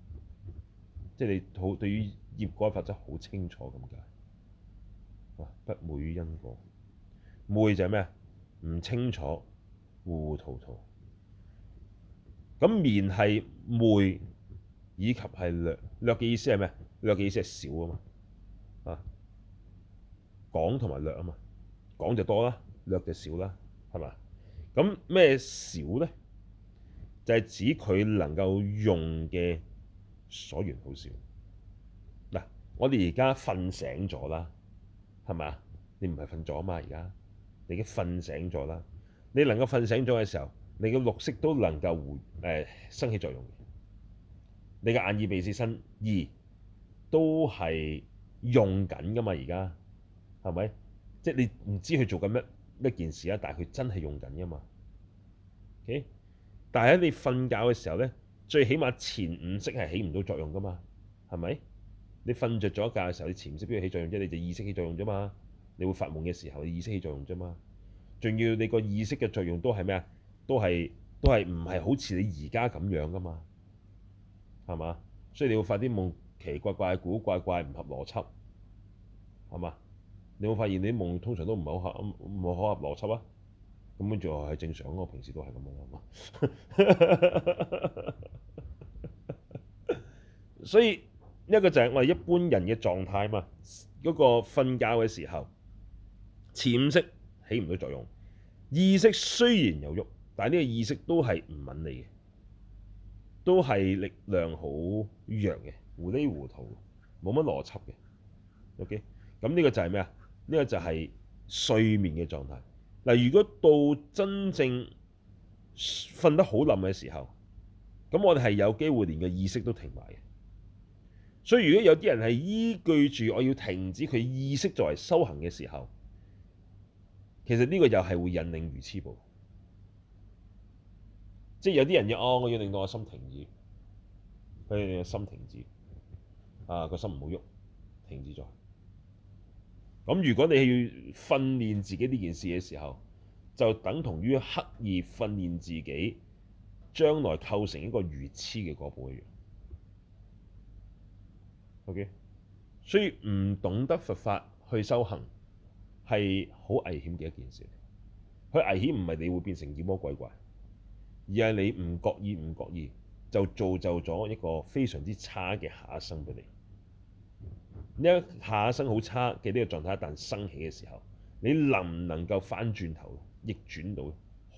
即係你好對於業果法則好清楚咁解，啊不昧於因果，昧就係咩啊？唔清楚，糊糊塗塗。咁眠係昧，以及係略，略嘅意思係咩啊？略嘅意思係少啊嘛，啊講同埋略啊嘛，講就多啦，略就少啦，係嘛？咁咩少咧？就係、是、指佢能夠用嘅。所緣好少嗱，我哋而家瞓醒咗啦，係咪啊？你唔係瞓咗嘛？而家你已經瞓醒咗啦，你能夠瞓醒咗嘅時候，你嘅六識都能夠活誒生起作用。你嘅眼耳鼻舌身意都係用緊噶嘛？而家係咪？即係你唔知佢做緊咩咩件事啦，但係佢真係用緊噶嘛？但係喺你瞓覺嘅時候咧。最起碼前五識係起唔到作用噶嘛，係咪？你瞓着咗一覺嘅時候，你前五識邊度起作用啫？你就意識起作用啫嘛。你會發夢嘅時候，你意識起作用啫嘛。仲要你個意識嘅作用都係咩啊？都係，都係唔係好似你而家咁樣噶嘛，係嘛？所以你會發啲夢奇怪怪、古怪怪、唔合邏輯，係嘛？你有冇發現你啲夢通常都唔係好合，唔係好合合邏輯啊？咁樣就係正常，我平時都係咁樣諗嘛。 所以一個就係我一般人嘅狀態嘛，嗰、那個瞓覺嘅時候，潛意識起唔到作用，意識雖然有喐，但係呢個意識都係唔敏利嘅，都係力量好弱嘅，糊裏糊塗，冇乜邏輯嘅。OK，咁呢個就係咩啊？呢、這個就係睡眠嘅狀態。嗱，如果到真正瞓得好冧嘅時候，咁我哋係有機會連個意識都停埋嘅。所以如果有啲人係依據住我要停止佢意識作為修行嘅時候，其實呢個又係會引領如此步即，即係有啲人要哦，我要令到我心停止，佢哋嘅心停止，啊個心唔好喐，停止咗。咁如果你要訓練自己呢件事嘅時候，就等同於刻意訓練自己，將來構成一個愚痴嘅果報一樣。OK，所以唔懂得佛法去修行係好危險嘅一件事。佢危險唔係你會變成妖魔鬼怪，而係你唔覺意、唔覺意就造就咗一個非常之差嘅下生俾你。一下身好差嘅呢個狀態，一旦升起嘅時候，你能唔能夠翻轉頭逆轉到？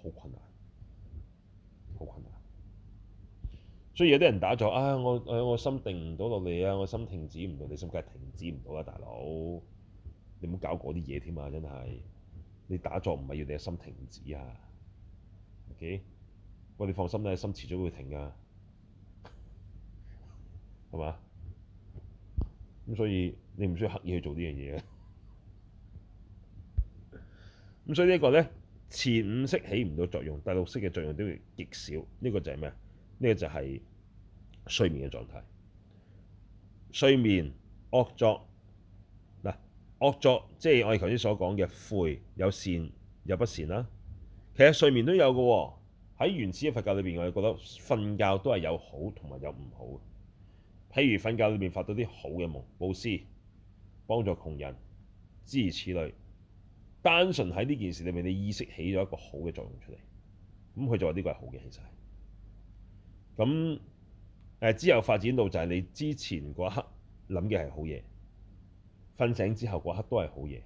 好困難，好困難。所以有啲人打坐，啊、哎、我我心定唔到落嚟啊，我心停止唔到，你心梗係停止唔到啊，大佬。你唔好搞嗰啲嘢添啊，真係。你打坐唔係要你嘅心停止啊。O K，喂，你放心啦，心遲早會停㗎、啊，係嘛？咁所以你唔需要刻意去做呢樣嘢嘅。咁所以呢一個咧，前五識起唔到的作用，第六識嘅作用都極少。呢個就係咩啊？呢個就係睡眠嘅狀態。睡眠、惡作嗱，惡作，即係我哋頭先所講嘅，悔有善有不善啦。其實睡眠都有嘅喎。喺原始嘅佛教裏邊，我哋覺得瞓覺都係有好同埋有唔好。譬如瞓覺裏面發到啲好嘅夢，布施幫助窮人，諸如此類，單純喺呢件事裏面，你意識起咗一個好嘅作用出嚟，咁佢就話呢個係好嘅其實。咁誒之後發展到就係你之前嗰刻諗嘅係好嘢，瞓醒之後嗰刻都係好嘢，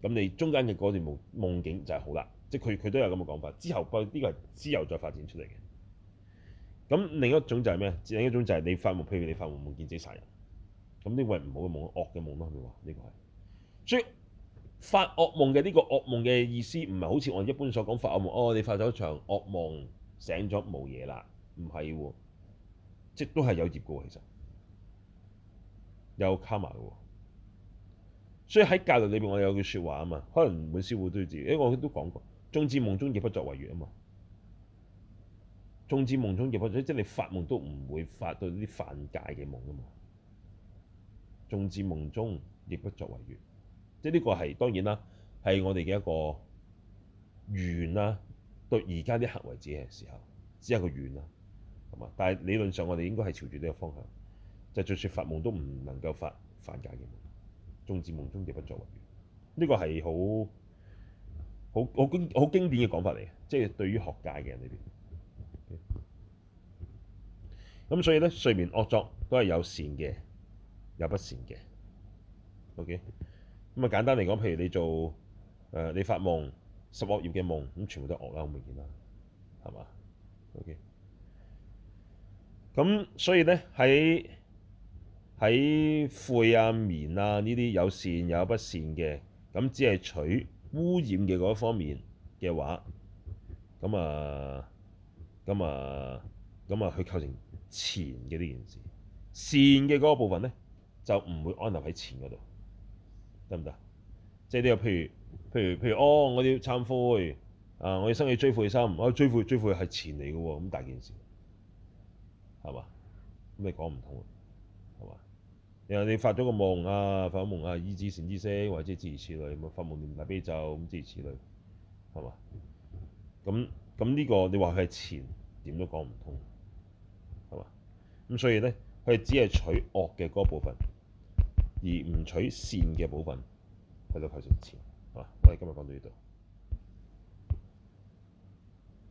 咁你中間嘅嗰段夢夢境，就係好啦，即係佢佢都有咁嘅講法。之後佢呢、這個係之後再發展出嚟嘅。咁另一種就係咩？另一種就係你發夢，譬如你發夢夢見自己殺人，咁呢個唔好嘅夢、惡嘅夢咯，係咪話呢個係？所以發惡夢嘅呢、呢個惡夢嘅意思，唔係好似我一般所講發惡夢哦，你發咗場惡夢醒咗冇嘢啦，唔係喎，即都係有業嘅其實，有，有卡嘛嘅喎。所以喺教導裏邊，我有句說話啊嘛，可能每師傅都要知、欸，我都講過，縱至夢中亦不作違越啊嘛。縱至夢中亦不，即係即係你發夢都唔會發到啲犯戒嘅夢啊嘛。縱至夢中亦不作為願，即係呢個係當然啦，係我哋嘅一個願啦。到而家啲客為止嘅時候，只係個願啦，係嘛？但係理論上我哋應該係朝住呢個方向，就就算發夢都唔能夠發犯戒嘅夢。縱至夢中亦不作為願，呢個係好好好經好經典嘅講法嚟嘅，即係對於學界嘅人呢邊。咁所以咧，睡眠惡作都係有善嘅，有不善嘅。OK，咁啊，簡單嚟講，譬如你做誒、呃、你發夢，十惡業嘅夢，咁全部都係惡啦，好明顯啦，係嘛？OK，咁所以咧喺喺悔啊、眠啊呢啲有善有不善嘅，咁只係取污染嘅嗰一方面嘅話，咁啊，咁啊，咁啊，去、啊、構成。錢嘅呢件事，善嘅嗰個部分咧，就唔會安立喺纏嗰度，得唔得？即係你又譬如譬如譬如哦，我要懺悔，啊我要生起追悔心，我、啊、要追悔追悔係纏嚟嘅喎，咁大件事，係嘛？咁你講唔通啊，係嘛？然後你發咗個夢啊，發夢啊，以至善知識，或者諸如此類，咁發夢念大悲咒，咁諸如此類，係嘛？咁咁呢個你話佢係纏，點都講唔通。咁所以咧，佢只係取惡嘅嗰部分，而唔取善嘅部分去到計算纏。好，我哋今日講到呢度。